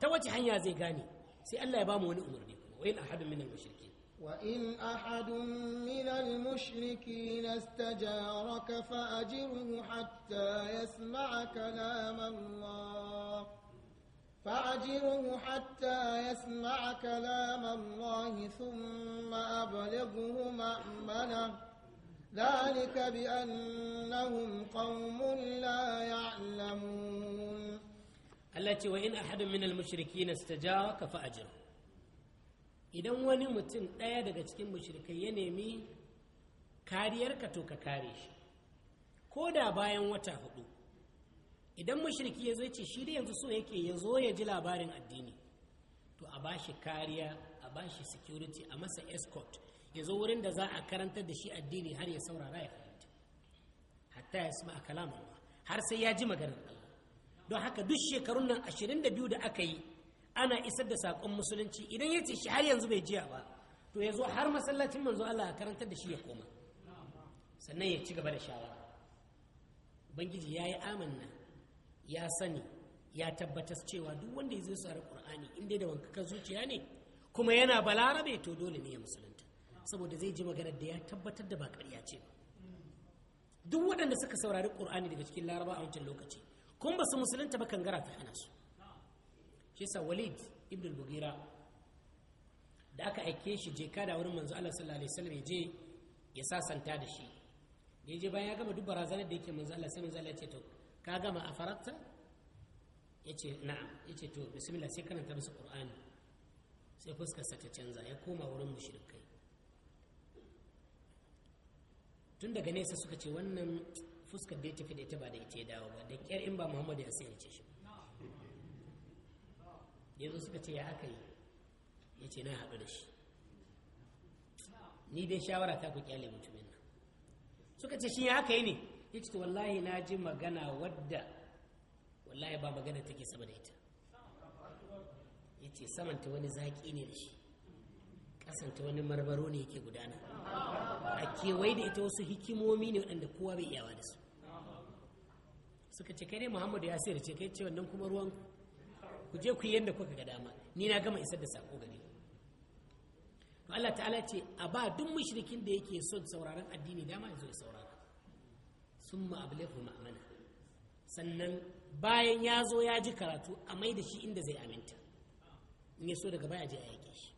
ta wace hanya zai gane sai Allah ya ba mu wani umarni وإن أحد من المشركين وإن أحد من المشركين استجارك فأجره حتى يسمع كلام الله فأجره حتى يسمع كلام الله ثم أبلغه مأمنه ذلك بأنهم قوم لا يعلمون التي وإن أحد من المشركين استجارك فأجره idan wani mutum ɗaya daga cikin mushrikai ya nemi kariyar ka to ka kare shi ko da bayan wata hudu idan mushriki ya zai ce shi da yanzu so yake ya zo ya ji labarin addini to a ba shi kariya a ba shi security a masa escort ya zo wurin da za a karantar da shi addini har ya saurara ya fahimta hatta ya sami a kalaman har sai ya ji maganar Allah don haka duk shekarun nan ashirin biyu da aka yi ana isar da saƙon musulunci idan ya ce shi har yanzu bai jiya ba to ya zo har masallacin manzo Allah a karantar da shi ya koma sannan ya ci gaba da shawara ubangiji ya yi amanna ya sani ya tabbatar cewa duk wanda ya zo tsara qur'ani in dai da ka zuciya ne kuma yana balarabe to dole ne ya musulunta saboda zai ji maganar da ya tabbatar da ba ƙarya ce ba duk waɗanda suka saurari ƙur'ani daga cikin laraba a wancan lokaci kun ba su musulunta ba kangara ta hana su shi sa walid ibn bugira da aka aike shi je kada wurin manzo Allah sallallahu alaihi wasallam je ya sasanta da shi da je bayan ya gama duk barazanar da yake manzo Allah sallallahu alaihi wasallam ya ce to ka gama a farakta yace na'am yace to bismillah sai karanta musu qur'ani sai fuskarsa ta canza ya koma wurin mushrikai tun daga nesa suka ce wannan fuskar da ya tafi da ita ba da ita ya dawo ba da kyar in ba muhammadu ya sai ya ce shi yanzu suka ce ya aka yi ya ce na haɗu da shi ni dai shawara ta ku kyale mutumin nan suka ce shi ya aka yi ne ya ce wallahi na ji magana wadda wallahi ba magana take sama da ita ya ce samanta wani zaƙi ne da shi kasanta wani marmaro ne yake gudana a kewaye da ita wasu hikimomi ne waɗanda kowa bai iyawa da su suka ce kai ne muhammadu ya sayar ce kai ce wannan kuma ruwan ku je ku yi yadda kuka ga dama ni na gama isar da sako gare to Allah ta'ala ce a ba duk mushrikin da yake son sauraron addini dama ya zo ya saurara summa ablighu ma'mana sannan bayan ya zo ya ji karatu a mai da shi inda zai aminta in ya so daga baya je a yake shi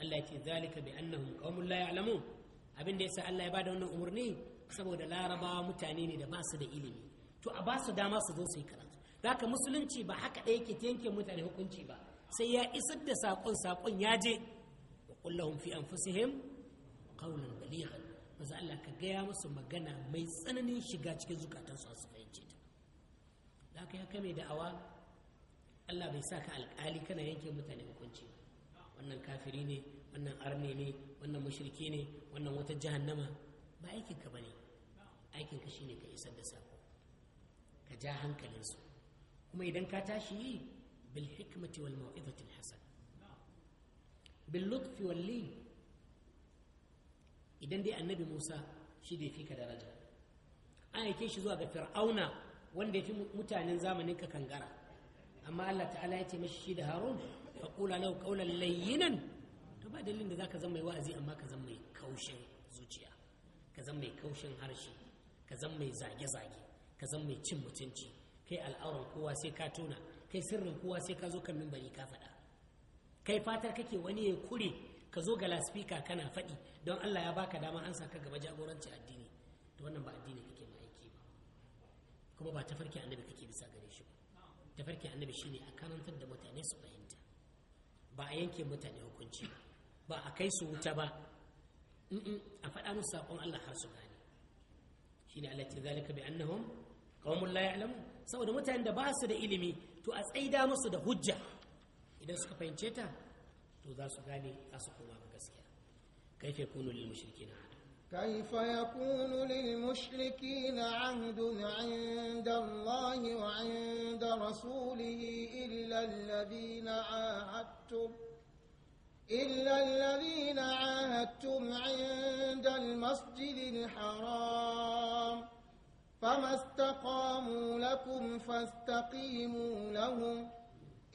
Allah ya ce zalika bi annahum qaumun la ya'lamun abin da yasa Allah ya bada wannan umurni, saboda larabawa mutane ne da ba su da ilimi to a ba su dama su zo su yi karatu zaka musulunci ba haka ɗaya ke yanke mutane hukunci ba sai ya isar da saƙon saƙon ya je wa an fi anfusihim qawlan balighan maza Allah ka gaya musu magana mai tsananin shiga cikin zukatan su su fahimce ta zaka ya kame da'awa Allah bai sa ka alƙali kana yanke mutane hukunci ba wannan kafiri ne wannan arne ne wannan mushriki ne wannan wata jahannama ba aikinka ba ne aikinka shine ka isar da saƙo ka ja hankalinsu kuma idan ka tashi yi bil hikmati wal mau'izati hasan bil lutfi wal lin idan dai annabi Musa shi da fi ka daraja an yake shi zuwa ga fir'auna wanda ya fi mutanen zamanin ka kangara amma Allah ta'ala ya ce mashi shi da Harun fa qula lahu qawlan layyinan to ba dalilin da zaka zama mai wa'azi amma ka zama mai kaushin zuciya ka zama mai kaushin harshe ka zama mai zage-zage ka zama mai cin mutunci kai al'aurar kowa sai ka tona kai sirrin kowa sai ka zo kan mimbari ka faɗa kai fatar kake wani ya kure ka zo ga laspika kana faɗi don Allah ya baka dama an ka gaba jagoranci addini to wannan ba addini kake ma aiki ba kuma ba tafarki annabi kake bisa gare shi ba tafarki annabi shine a karantar da mutane su fahimta ba a yanke mutane hukunci ba a kai su wuta ba a faɗa musu saƙon Allah har su gane shine Allah ce zalika bi annahum qaumun la ya'lamun saboda mutanen da ba su da ilimi to a tsaida musu da hujja idan suka fahimce ta to za su gane za su koma ga gaskiya كيف يكون للمشركين عهد كيف يكون للمشركين عهد عند الله وعند رسوله إلا الذين عاهدتم إلا الذين عاهدتم عند المسجد الحرام فما استقاموا لكم فاستقيموا لهم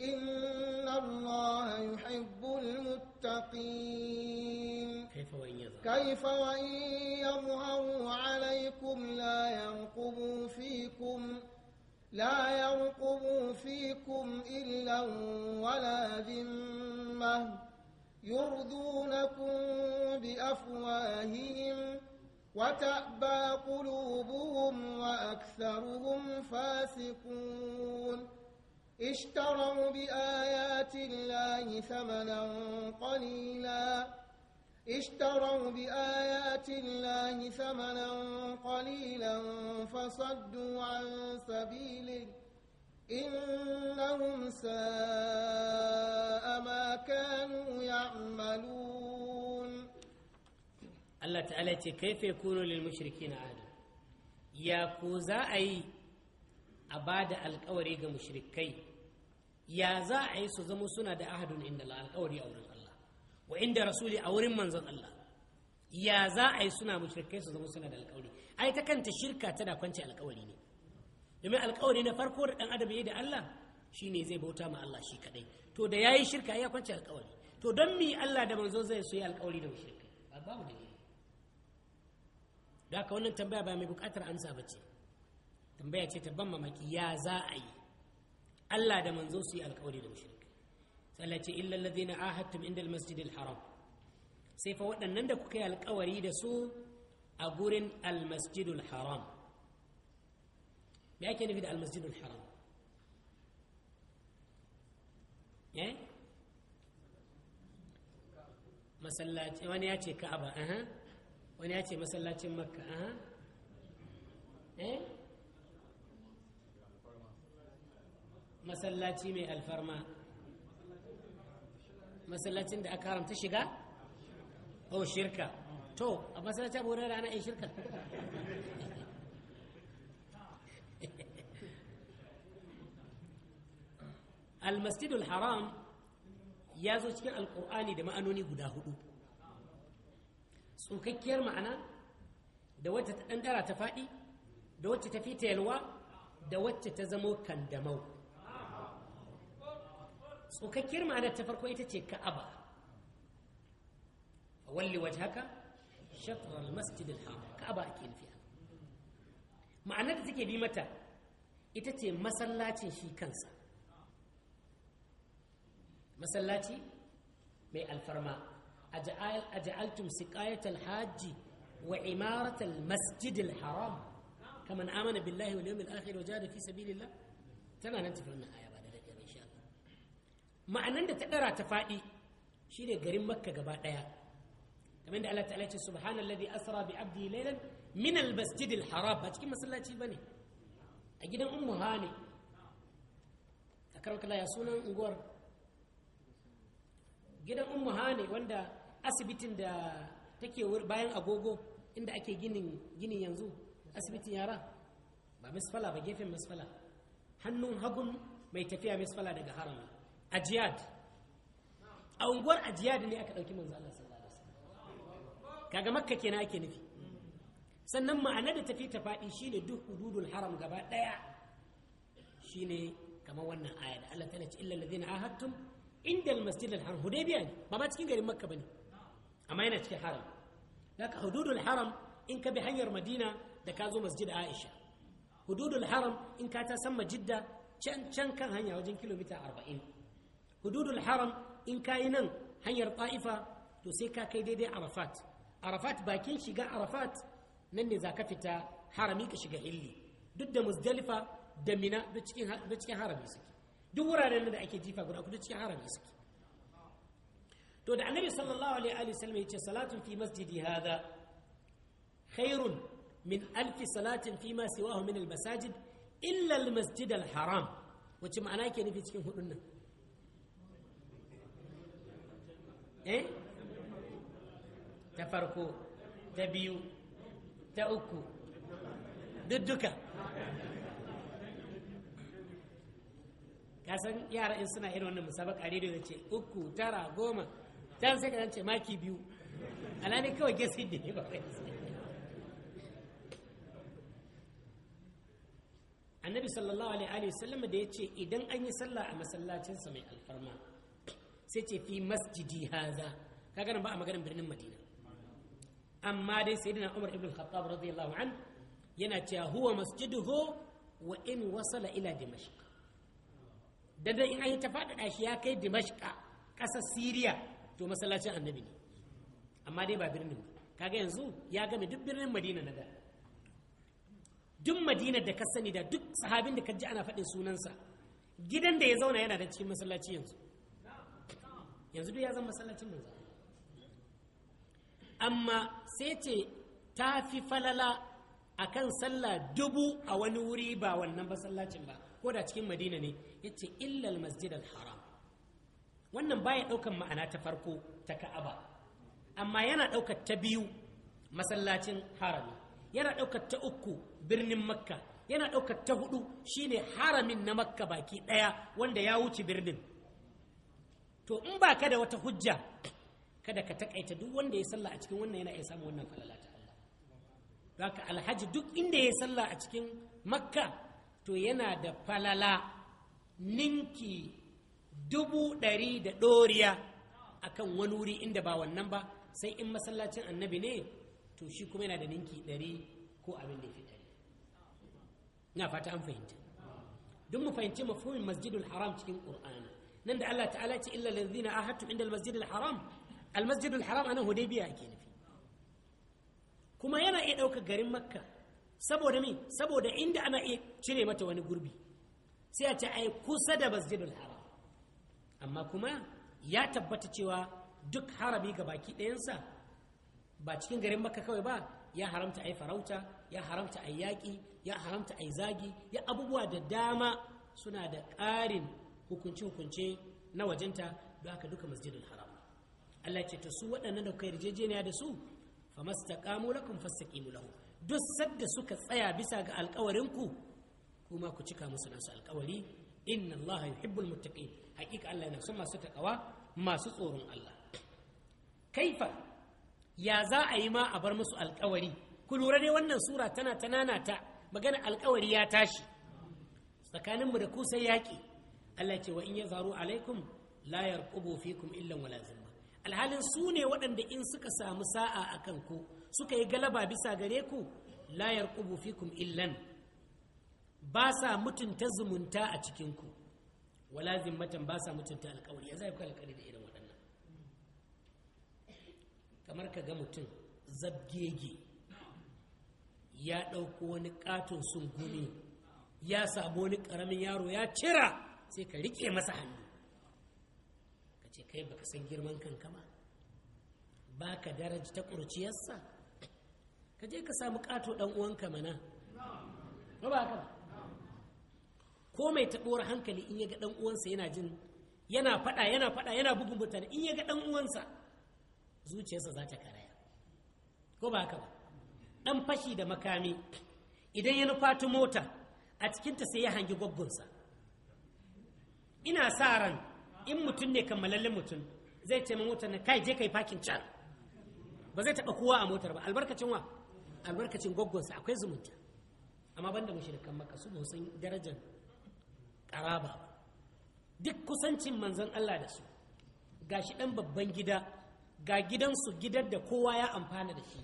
إن الله يحب المتقين كيف وإن يظهروا, كيف وإن يظهروا عليكم لا يرقبوا فيكم لا يرقبوا فيكم إلا ولا ذمة يرضونكم بأفواههم وتأبى قلوبهم وأكثرهم فاسقون اشتروا بآيات الله ثمنا قليلا اشتروا بآيات الله ثمنا قليلا فصدوا عن سبيله إنهم ساء ما كانوا يعملون Allah ta'ala ce kaife kuno lil mushriki na ada ya ko za a yi a ba da alkawari ga mushrikai ya za a yi su zama suna da ahadun inda la alkawari a wurin Allah wa inda rasuli a wurin manzon Allah ya za a yi suna mushrikai su zama suna da alkawari ai ta kanta shirka tana kwance alkawari ne domin alkawari na farko da dan adam yi da Allah shine zai bauta ma Allah shi kadai to da yayi shirka ya kwance alkawari to don mi Allah da manzo zai so yi alkawari da mushrikai babu dalili da aka wannan tambaya ba mai bukatar amsa ba ce tambaya ce ta ban mamaki ya za a yi Allah da manzo su yi alkawari da mushrikai sai Allah ce illal ladina ahadtum inda masjidil haram sai fa waɗannan da kuka yi alkawari da su a gurin almasjidul haram me ake nufi da almasjidul haram eh masallaci wani ya ce ka'aba wani ya ce masallacin makka aha eh masallaci mai alfarma masallacin da aka haramta shiga oh shirka to a masallaci abu rana ana shirka almasjidul haram ya zo cikin alkur'ani da ma'anoni guda hudu tsukakkiyar ma'ana da wacce ta ɗandara ta faɗi da wacce ta fi ta yalwa da wacce ta zamo kandamau tsukakkiyar ma'ana ta farko ita ce ka'aba a walli waje haka shafar masjidin al-haram ka'aba ake nufi ma'anar da take bi mata ita ce masallacin shi kansa masallaci mai alfarma أجعلتم سقاية الحاج وعمارة المسجد الحرام كمن آمن بالله واليوم الآخر وجاهد في سبيل الله تنا ننتفع من آية بعد ذلك إن شاء الله معنى أن تقرأ تفائي شيء قريب مكة قبل آية كمان الله تعالى سبحان الذي أسرى بعبده ليلا من المسجد الحرام هاتي كما صلى الله بني أجد أم هاني أكرمك الله يا سونا نقول gidan ummu hane wanda asibitin da take bayan agogo inda ake ginin ginin yanzu asibitin yara ba misfala ba gefen misfala hannun hagun mai tafiya misfala daga harami a jihad a unguwar a jihad ne aka ɗauki manzo Allah sallallahu alaihi kaga makka kenan ake nufi sannan ma'ana da tafi ta faɗi shine duk hududul haram gaba ɗaya shine kamar wannan aya da Allah ta ce illal ladina ahadtum inda al haram hudaybiya ne ba ma cikin garin makka bane amma yana cikin haram laka hududul haram in ka bi hanyar madina da ka zo masjid aisha hududul haram in ka ta sama jidda can can kan hanya wajen kilomita arba'in hududul haram in ka yi nan hanyar ta'ifa to sai ka kai daidai arafat arafat bakin shiga arafat nan ne za ka fita harami ka shiga hilli duk da musdalifa da mina duk cikin harami suke duk wuraren da ake jifa guda duk cikin harami suke to da annabi sallallahu alaihi wa sallam yace salatun fi masjidi hadha khairun min alfi salatin fi ma siwahu min almasajid illa almasjid alharam wace ma'ana ke nufi cikin hudun nan eh ta farko ta biyu ta uku dudduka kasan yara in suna irin wannan musabaka rediyo da ce uku tara goma can sai ka zance maki biyu alhali kawai gesi da ya ba annabi sallallahu alaihi wasallam da ya ce idan an yi sallah a masallacinsa mai alfarma sai ce fi masjidi haza ga nan ba a maganin birnin madina amma dai sayyidina umar ibn khattab radiyallahu an yana cewa huwa masjiduhu wa in wasala ila dimashq dan in an yi ta shi ya kai dimashq ƙasar siriya to masallacin annabi ne amma dai ba birnin ba kaga yanzu ya game duk birnin madina na da duk madina da ka sani da duk sahabin da ka ji ana faɗin sunansa gidan da ya zauna yana da cikin masallaci yanzu yanzu duk ya zama masallacin manzo amma sai ce ta fi falala akan sallah dubu a wani wuri ba wannan masallacin ba ko da cikin madina ne ya ce illal masjid al-haram wannan baya ɗaukan ma'ana ta farko ta ka'aba amma yana ɗaukar ta biyu masallacin harami yana ɗaukar ta uku birnin makka yana ɗaukar ta hudu shine haramin na makka baki ɗaya wanda ya wuce birnin to in ba ka da wata hujja kada ka takaita duk wanda ya sallah a cikin wannan yana iya samu wannan falala ta Allah haka alhaji duk inda ya sallah a cikin makka to yana da falala ninki dubu ɗari da ɗoriya kan wani wuri inda ba wannan ba sai in masallacin annabi ne to shi kuma yana da ninki ɗari ko abin da ya fi ɗari na fata an fahimta don mu fahimci mafhumin masjidul haram cikin ƙur'ani nan da Allah ta'ala ce illa a ahadtu inda al haram al-masjidul haram anan hudaybiya ake nufi kuma yana iya ɗaukar garin makka saboda me saboda inda ana iya cire mata wani gurbi sai a ce ai kusa da masjidul haram amma kuma ya tabbata cewa duk harami ga baki ɗayansa ba cikin garin maka kawai ba ya haramta a farauta ya haramta ai yaƙi ya haramta a zagi ya abubuwa da dama suna da ƙarin hukunci hukunce na wajenta don haka duka masjidul haram Allah ce ta su waɗannan da kuka yarjejeniya da su fa mastaqamu lakum fastaqimu lahu duk sadda suka tsaya bisa ga ku, kuma ku cika musu nasu alƙawari inna Allah yuhibbul muttaqin hakika Allah yana son masu takawa masu tsoron Allah kaifa ya za a yi ma a bar musu alkawari ku lura dai wannan sura tana ta nanata magana alkawari ya tashi tsakanin mu da ku sai yaƙi Allah ce wa in yazaru alaikum la yarqubu fikum illa wala zimma alhalin su ne waɗanda in suka samu sa'a akan kanku suka yi galaba bisa gare ku la yarqubu fikum illan ba sa mutunta zumunta a cikin ku wala zimmatan ba sa mutunta alkawari ya zai fi alkawari da irin waɗannan kamar ka ga mutum zabgege ya ɗauko wani ƙaton sungumi ya sabo wani ƙaramin yaro ya cira sai ka riƙe masa hannu ka ce kai baka san girman kanka ba ba ka daraja ta ƙurciyarsa ka je ka samu ƙato ɗan uwanka mana ba ba ka ba ko mai taɓuwar hankali in ya ga ɗan uwansa yana jin yana faɗa yana faɗa yana bugun mutane in yaga ga ɗan uwansa zuciyarsa za ta karaya ko ba haka ba ɗan fashi da makami idan ya nufatu mota a cikinta sai ya hangi gwaggonsa ina sa ran in mutum ne kammalallin mutum zai ce motar na kai je kai fakin can ba zai taɓa kowa a motar ba albarkacin wa albarkacin gwaggonsa akwai zumunta amma banda mushrikan maka su ba san darajar ƙaraba duk kusancin manzon Allah da su ga shi ɗan babban gida ga gidansu gidan da kowa ya amfana da shi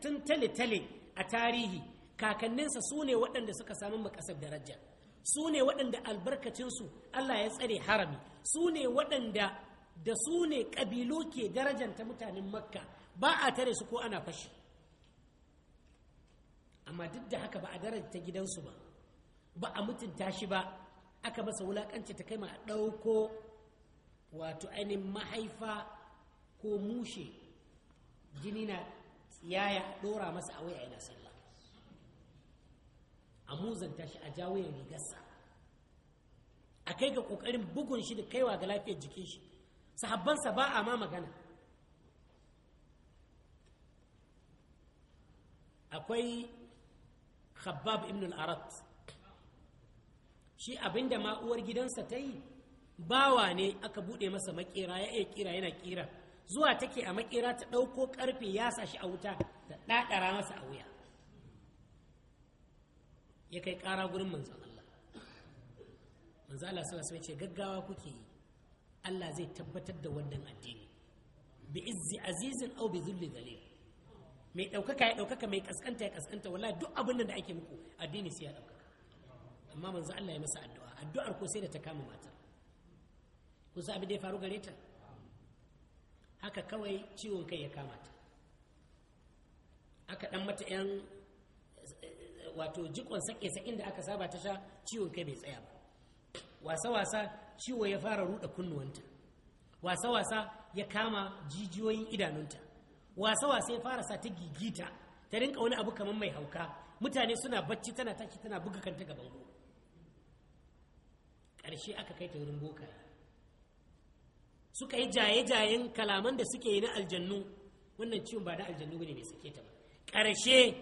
tun tale-tale a tarihi kakanninsa su ne waɗanda suka samu makasar daraja su ne waɗanda albarkacinsu Allah ya tsare harami su ne waɗanda da su ne ƙabilu ke ta mutanen makka ba a tare su ko ana fashi amma duk da haka ba a daraja darajta gidansu ba ba a mutunta shi ba aka masa wulakanci ta kai ma a ɗauko wato ainihin mahaifa ko mushe jini na tsiyaya ɗora masa a waya na sallah a muzanta shi a jawoyin rigarsa a kai ga ƙoƙarin bugun shi da kaiwa ga lafiyar jikin shi sahabbansa ba a ma magana akwai khabbab ibn al-arat shi abinda da ma'uwar gidansa ta yi bawa ne aka buɗe masa makera ya iya kira yana kira zuwa take a makera ta ɗauko ƙarfe ya sa shi a wuta ta ɗaɗara masa a wuya ya kai ƙara gurin manzon Allah manzon Allah sallallahu alaihi ce gaggawa kuke yi Allah zai tabbatar da wannan addini bi izzi azizin au bi zulli zalil mai ɗaukaka ya ɗaukaka mai kaskanta ya kaskanta wala duk abin da ake muku addini sai ya ɗauka amma manzo Allah ya masa addu'a addu'ar ko sai da ta kama matar ko sai abin da ya faru gare ta haka kawai ciwon kai ya kama ta aka dan mata yan wato jikon sake sakin da aka saba ta sha ciwon kai bai tsaya ba wasa wasa ciwo ya fara ruda kunnuwanta wasa wasa ya kama jijiyoyin idanunta wasa wasa ya fara sa ta gigita ta rinka wani abu kamar mai hauka mutane suna bacci tana tashi tana buga kanta ga bango. ƙarshe aka kai ta wurin bokaye suka yi jaye-jayen kalaman da suke yi na aljannu wannan ciwon ba da aljannu wani mai sake ta ba ƙarshe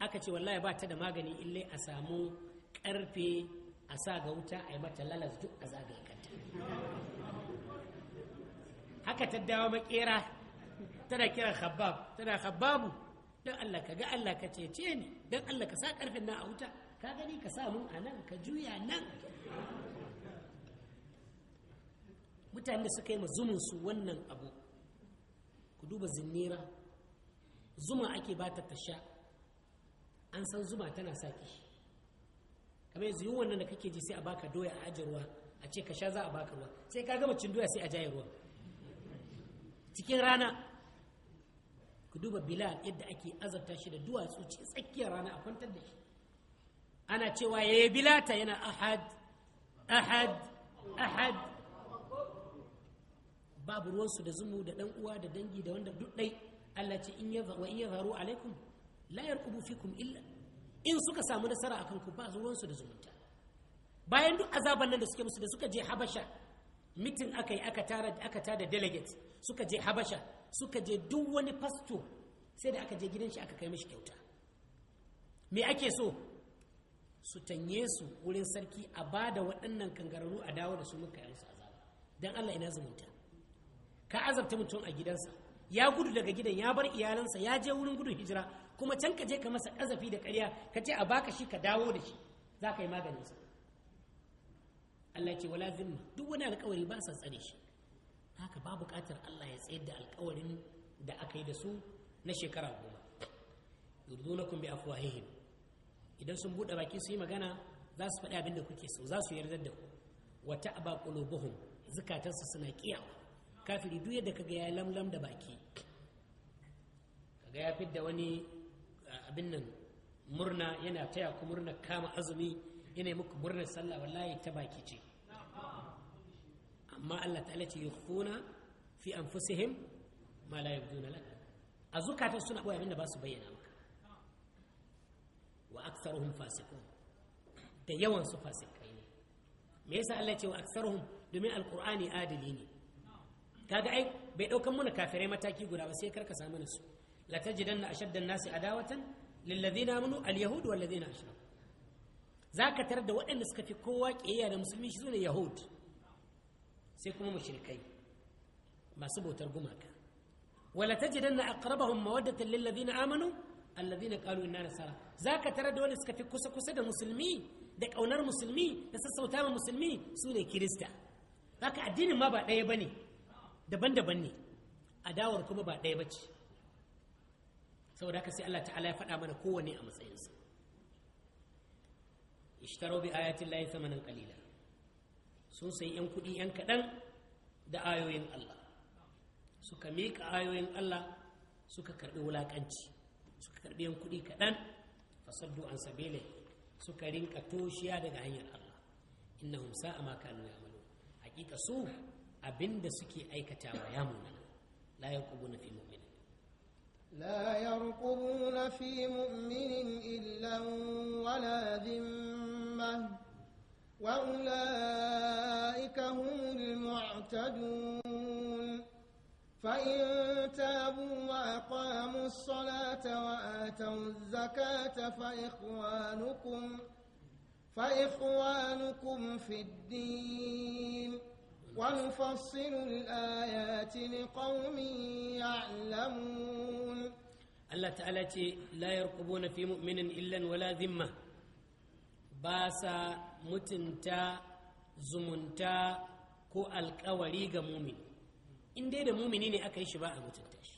aka ce wallahi ba ta da magani illai a samu ƙarfe a sa ga wuta a yi mata lalas duk a zagaye kanta haka ta dawo makera tana kira habab tana hababu don Allah ka ga Allah ka cece ni don Allah ka sa ƙarfin na a wuta ka gani ka sa mun a nan ka juya nan mutane da suka yi su wannan abu ku duba zinnira zuma ake ba ta tasha an san zuma tana sa kishi kamar yanzu yi wannan da kake ji sai a baka doya a ajiyarwa. ruwa a ce ka sha za a baka ruwa sai ka gama cin doya sai a jaye ruwa cikin rana ku duba bilal yadda ake azabta shi da duwatsu ce tsakiyar rana a kwantar da shi ana cewa ya yi bilata yana ahad ahad ahad babu ruwansu da zumu da dan uwa da dangi da wanda duk dai Allah ce in wa in alaikum la yarqubu fikum illa in suka samu nasara akan ku ba ruwansu da zumunta bayan duk azaban nan da suke musu da suka je Habasha mitin aka aka tara aka tada delegates suka je Habasha suka je duk wani pasto sai da aka je gidan shi aka kai mishi kyauta me ake so su tanye su wurin sarki a bada waɗannan kangararru a dawo da su muka yansu azaba don Allah ina zumunta ka azabta mutum a gidansa ya gudu daga gidan ya bar iyalansa ya je wurin gudun hijira kuma can ka je ka masa azafi da karya ka ce a baka shi ka dawo da shi za ka yi maganin sa Allah ce wala zimma duk wani alƙawari ba sa tsare shi haka ba buƙatar Allah ya tsayar da alƙawarin da aka yi da su na shekara goma yurdunakum bi afwahihim idan sun buɗe baki su yi magana za su faɗi abin da kuke so za su yarda da ku wa ta'aba qulubuhum zukatansu suna kiyawa kafiri duk yadda kaga ya lamlam da baki kaga ya fidda wani abin nan murna yana taya ku murna kama azumi yana muku murnar sallah wallahi ta baki ce amma Allah ta'ala ce yukhfuna fi anfusihim ma la yabduna lak a zukatan suna boye abin da ba su bayyana maka wa aktsaruhum fasiqun da yawan su fasikai ne me yasa Allah ce wa aktsaruhum domin alqur'ani adili ne kaga ai bai daukan muna kafirai mataki guda ba sai karka samu nasu la tajidanna ashaddan nasi adawatan lil ladina amanu al yahud wal ladina ashraku zaka tar da waɗanda suka fi kowa kiyaya da musulmi shi ne yahud sai kuma mushrikai masu bautar gumaka wala tajidanna aqrabahum mawaddatan lil ladina amanu alladhina qalu inna nasara zaka tar da wanda suka fi kusa kusa da musulmi da kaunar musulmi da sassauta musulmi su ne kirista haka addinin ma ba ɗaya ba ne. daban-daban ne adawar kuma ba ɗaya bace saboda haka sai Allah ta'ala ya faɗa mana kowanne a matsayinsa ishtaro bi ayatin lahi samanin kalila sun sayi yan kuɗi yan kaɗan da ayoyin Allah suka miƙa ayoyin Allah suka karɓi wulaƙanci suka karɓi yan kuɗi kaɗan fasaddu an sabele suka rinka toshiya daga hanyar Allah innahum sa'a ma kanu ya'malu hakika su abinda suke aikatawa ya munana la يرقبون fi mu'min لا يرقبون في مؤمن إلا ولا ذمة وأولئك هم المعتدون فإن تابوا وأقاموا الصلاة وآتوا الزكاة فإخوانكم فإخوانكم في الدين ونفصل الآيات لقوم يعلمون الله تعالى لا يرقبون في مؤمن إلا ولا ذمة باسا متنتا zumunta ko alkawari ga mumini in dai da mumini ne aka yi shi ba a mutunta shi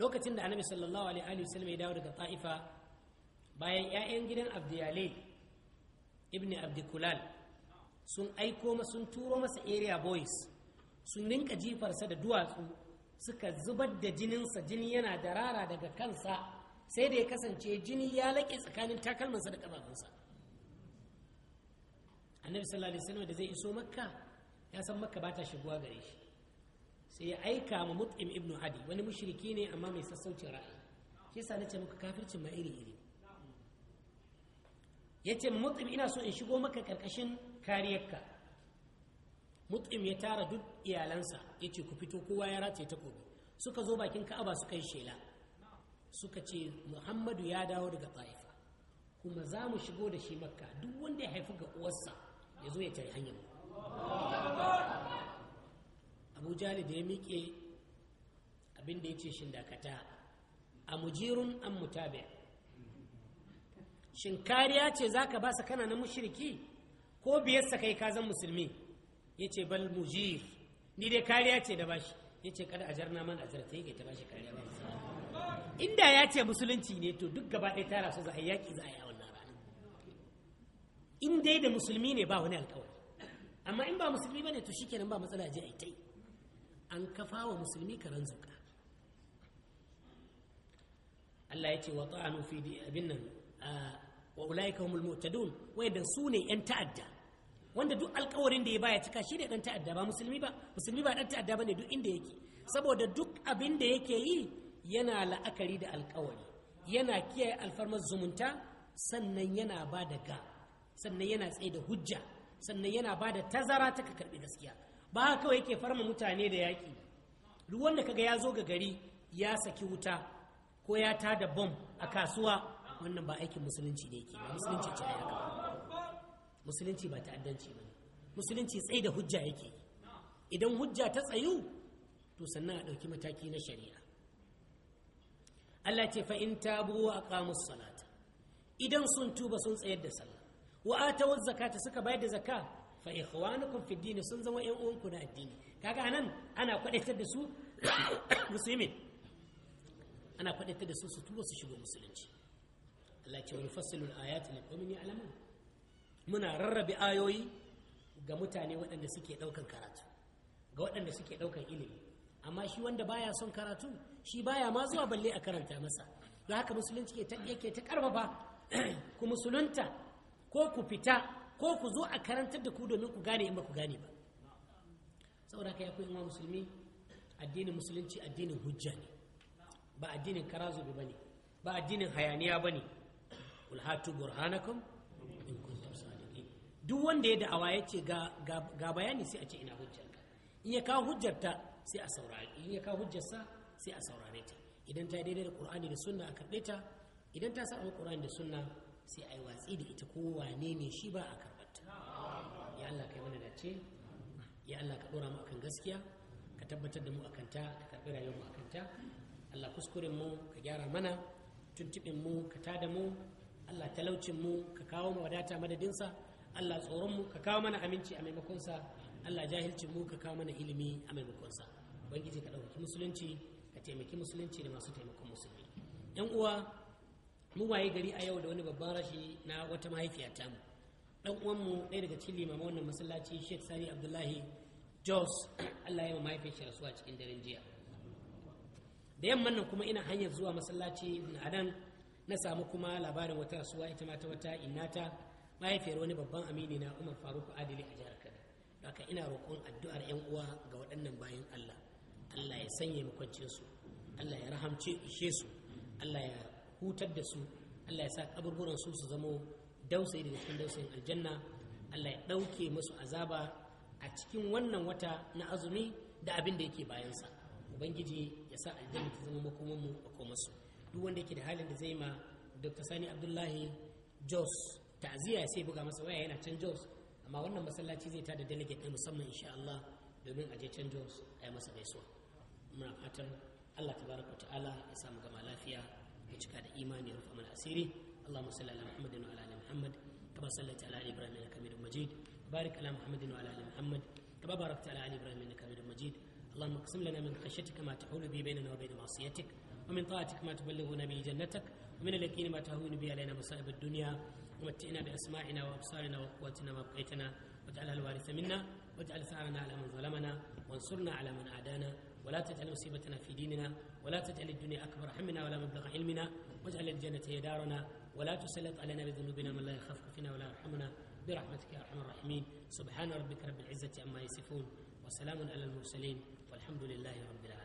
lokacin da annabi sallallahu alaihi wasallam ya dawo daga ta'ifa bayan 'ya'yan gidan abdiyale ibn abdikulal sun aiko sun turo masa area boys sun ninka jifarsa da duwatsu suka zubar da jininsa jini yana da rara daga kansa sai da ya kasance jini ya laƙe tsakanin takalmansa da ƙafafunsa annabi sallallahu alaihi wasallam da zai iso makka ya san makka ba ta shigowa gare shi sai ya aika ma mut'im ibn adi wani mushriki ne amma mai sassaucin ra'ayi shi yasa nace muku kafircin ma iri iri yace mut'im ina so in shigo maka karkashin kariyarka mutum ya tara duk iyalansa ya ce ku fito kowa ya rataye kobi suka zo bakin ka'aba suka yi shela suka ce muhammadu ya dawo daga ta'ifa kuma za mu shigo da shi makka duk wanda ya haifi ga uwarsa ya zo ya tare hanyar abu jali da ya miƙe abin da ya ce shin dakata a mujirun an mutabi shin kariya ce za ka basa kana na mushriki ko biyarsa kai ka zan musulmi ya ce bal mujir ni dai kariya ce da bashi ya ce kada a na man a ta yake ta bashi kariya ba inda ya ce musulunci ne to duk gaba ɗaya tara su za a yaƙi za a yi a wannan rana in dai da musulmi ne ba wani alƙawari amma in ba musulmi ba ne to shi kenan ba matsala je a yi ta yi an kafa wa musulmi karen zuka Allah ya ce wa ta'anu fi abin nan ah, wa ulaika humul mu'tadun wa idan su ne yan ta'adda wanda duk alkawarin da ya baya cika shi ne dan ta'adda ba musulmi ba musulmi ba dan ta'adda bane duk inda yake saboda duk abin da yake yi yana la'akari da alkawari yana kiyaye alfarmar zumunta sannan yana ba da ga sannan yana tsaye da hujja sannan yana ba da tazara ta ka karbi gaskiya ba haka kawai yake farma mutane da yaƙi duk wanda kaga ya zo ga gari ya saki wuta ko ya tada bom a kasuwa wannan ba aikin musulunci ne yake ba musulunci ce ya musulunci ba ta'addanci ba musulunci tsaye da hujja yake idan hujja ta tsayu to sannan a ɗauki mataki na shari'a Allah ce fa in tabu wa salata idan sun tuba sun tsayar da sallah wa atawaz zakata suka bayar da zakka fa ikhwanukum sun zama ƴan uwanku na addini kaga anan ana kwadatar da su musulmin ana kwadatar da su su tuba su shigo musulunci Allah ce wa yufassilu al-ayati ya'lamun muna rarrabe ayoyi ga mutane waɗanda suke ɗaukan karatu ga waɗanda suke ɗaukan ilimi amma shi wanda baya son karatu shi baya ma zuwa balle a karanta masa don haka musulunci yake ta karfafa ku musulunta ko ku fita ko ku zo a karantar da ku domin ku gane in ba ku gane ba saboda haka ya ku ma musulmi addinin musulunci addinin hujja ne ba addinin karazubi ba ne ba addinin hayaniya ba ne ulhatu burhanakum in duk wanda ya da'awa ya ce ga bayani sai a ce ina hujjarka in ya kawo ta sai a saurare in ya kawo hujjarsa sai a saurare ta idan ta daidai da qur'ani da sunna a karɓe ta idan ta saba qur'ani da sunna sai a yi watsi da ita ko wane ne shi ba a karɓar ta ya Allah kai mana dace ya Allah ka dora mu akan gaskiya ka tabbatar da mu akan ta ka karɓi rayuwar mu akan ta Allah kuskuren mu ka gyara mana tuntuɓin mu ka tada mu Allah talaucin mu ka kawo mu wadata madadinsa Allah mu ka kawo mana aminci a maimakonsa Allah jahilcin mu ka kawo mana ilimi a maimakonsa ubangiji ka ɗauki musulunci ka taimaki musulunci da masu taimakon musulmi yan uwa mu waye gari a yau da wani babban rashi na wata mahaifiya mu. dan uwanmu ɗaya daga cikin limaman wannan masallaci Sheikh Sani Abdullahi Jos Allah ya yi mahaifiyar rasuwa cikin daren jiya da yamman nan kuma ina hanyar zuwa masallaci na adan na samu kuma labarin wata rasuwa ita ma ta wata innata mahaifiyar wani babban amini na umar faruk adili a jihar kano haka ina roƙon addu'ar 'yan uwa ga waɗannan bayan allah allah ya sanya makwancin su allah ya rahamce ishe su allah ya hutar da su allah ya sa kaburburan su su zamo dausayi da cikin dausayin aljanna allah ya ɗauke musu azaba a cikin wannan wata na azumi da abin da yake bayansa ubangiji ya sa aljanna ta zama makomanmu a komasu duk wanda yake da halin da zai ma dr sani abdullahi jos ta'aziyya sai buga masa waya yana can Jos amma wannan masallaci zai tada delegate ɗin musamman insha Allah domin a je can Jos a yi masa gaisuwa muna fatan Allah tabaraka ta'ala ya samu gama lafiya ya cika da imani ya rufa mana asiri اللهم صل على محمد وعلى ال محمد كما صليت على ال ابراهيم انك حميد مجيد بارك على محمد وعلى ال محمد كما باركت على ال ابراهيم انك حميد مجيد اللهم اقسم لنا من خشيتك ما تحول به بيننا وبين معصيتك ومن طاعتك ما تبلغنا به جنتك ومن اليقين ما تهون به علينا مصائب الدنيا ومتئنا بأسماعنا وأبصارنا وقوتنا ما بقيتنا واجعلها الوارث منا واجعل ثأرنا على من ظلمنا وانصرنا على من عادانا ولا تجعل مصيبتنا في ديننا ولا تجعل الدنيا أكبر همنا ولا مبلغ علمنا واجعل الجنة هي دارنا ولا تسلط علينا بذنوبنا من لا يخافك فينا ولا يرحمنا برحمتك يا أرحم الراحمين سبحان ربك رب العزة عما يصفون وسلام على المرسلين والحمد لله رب العالمين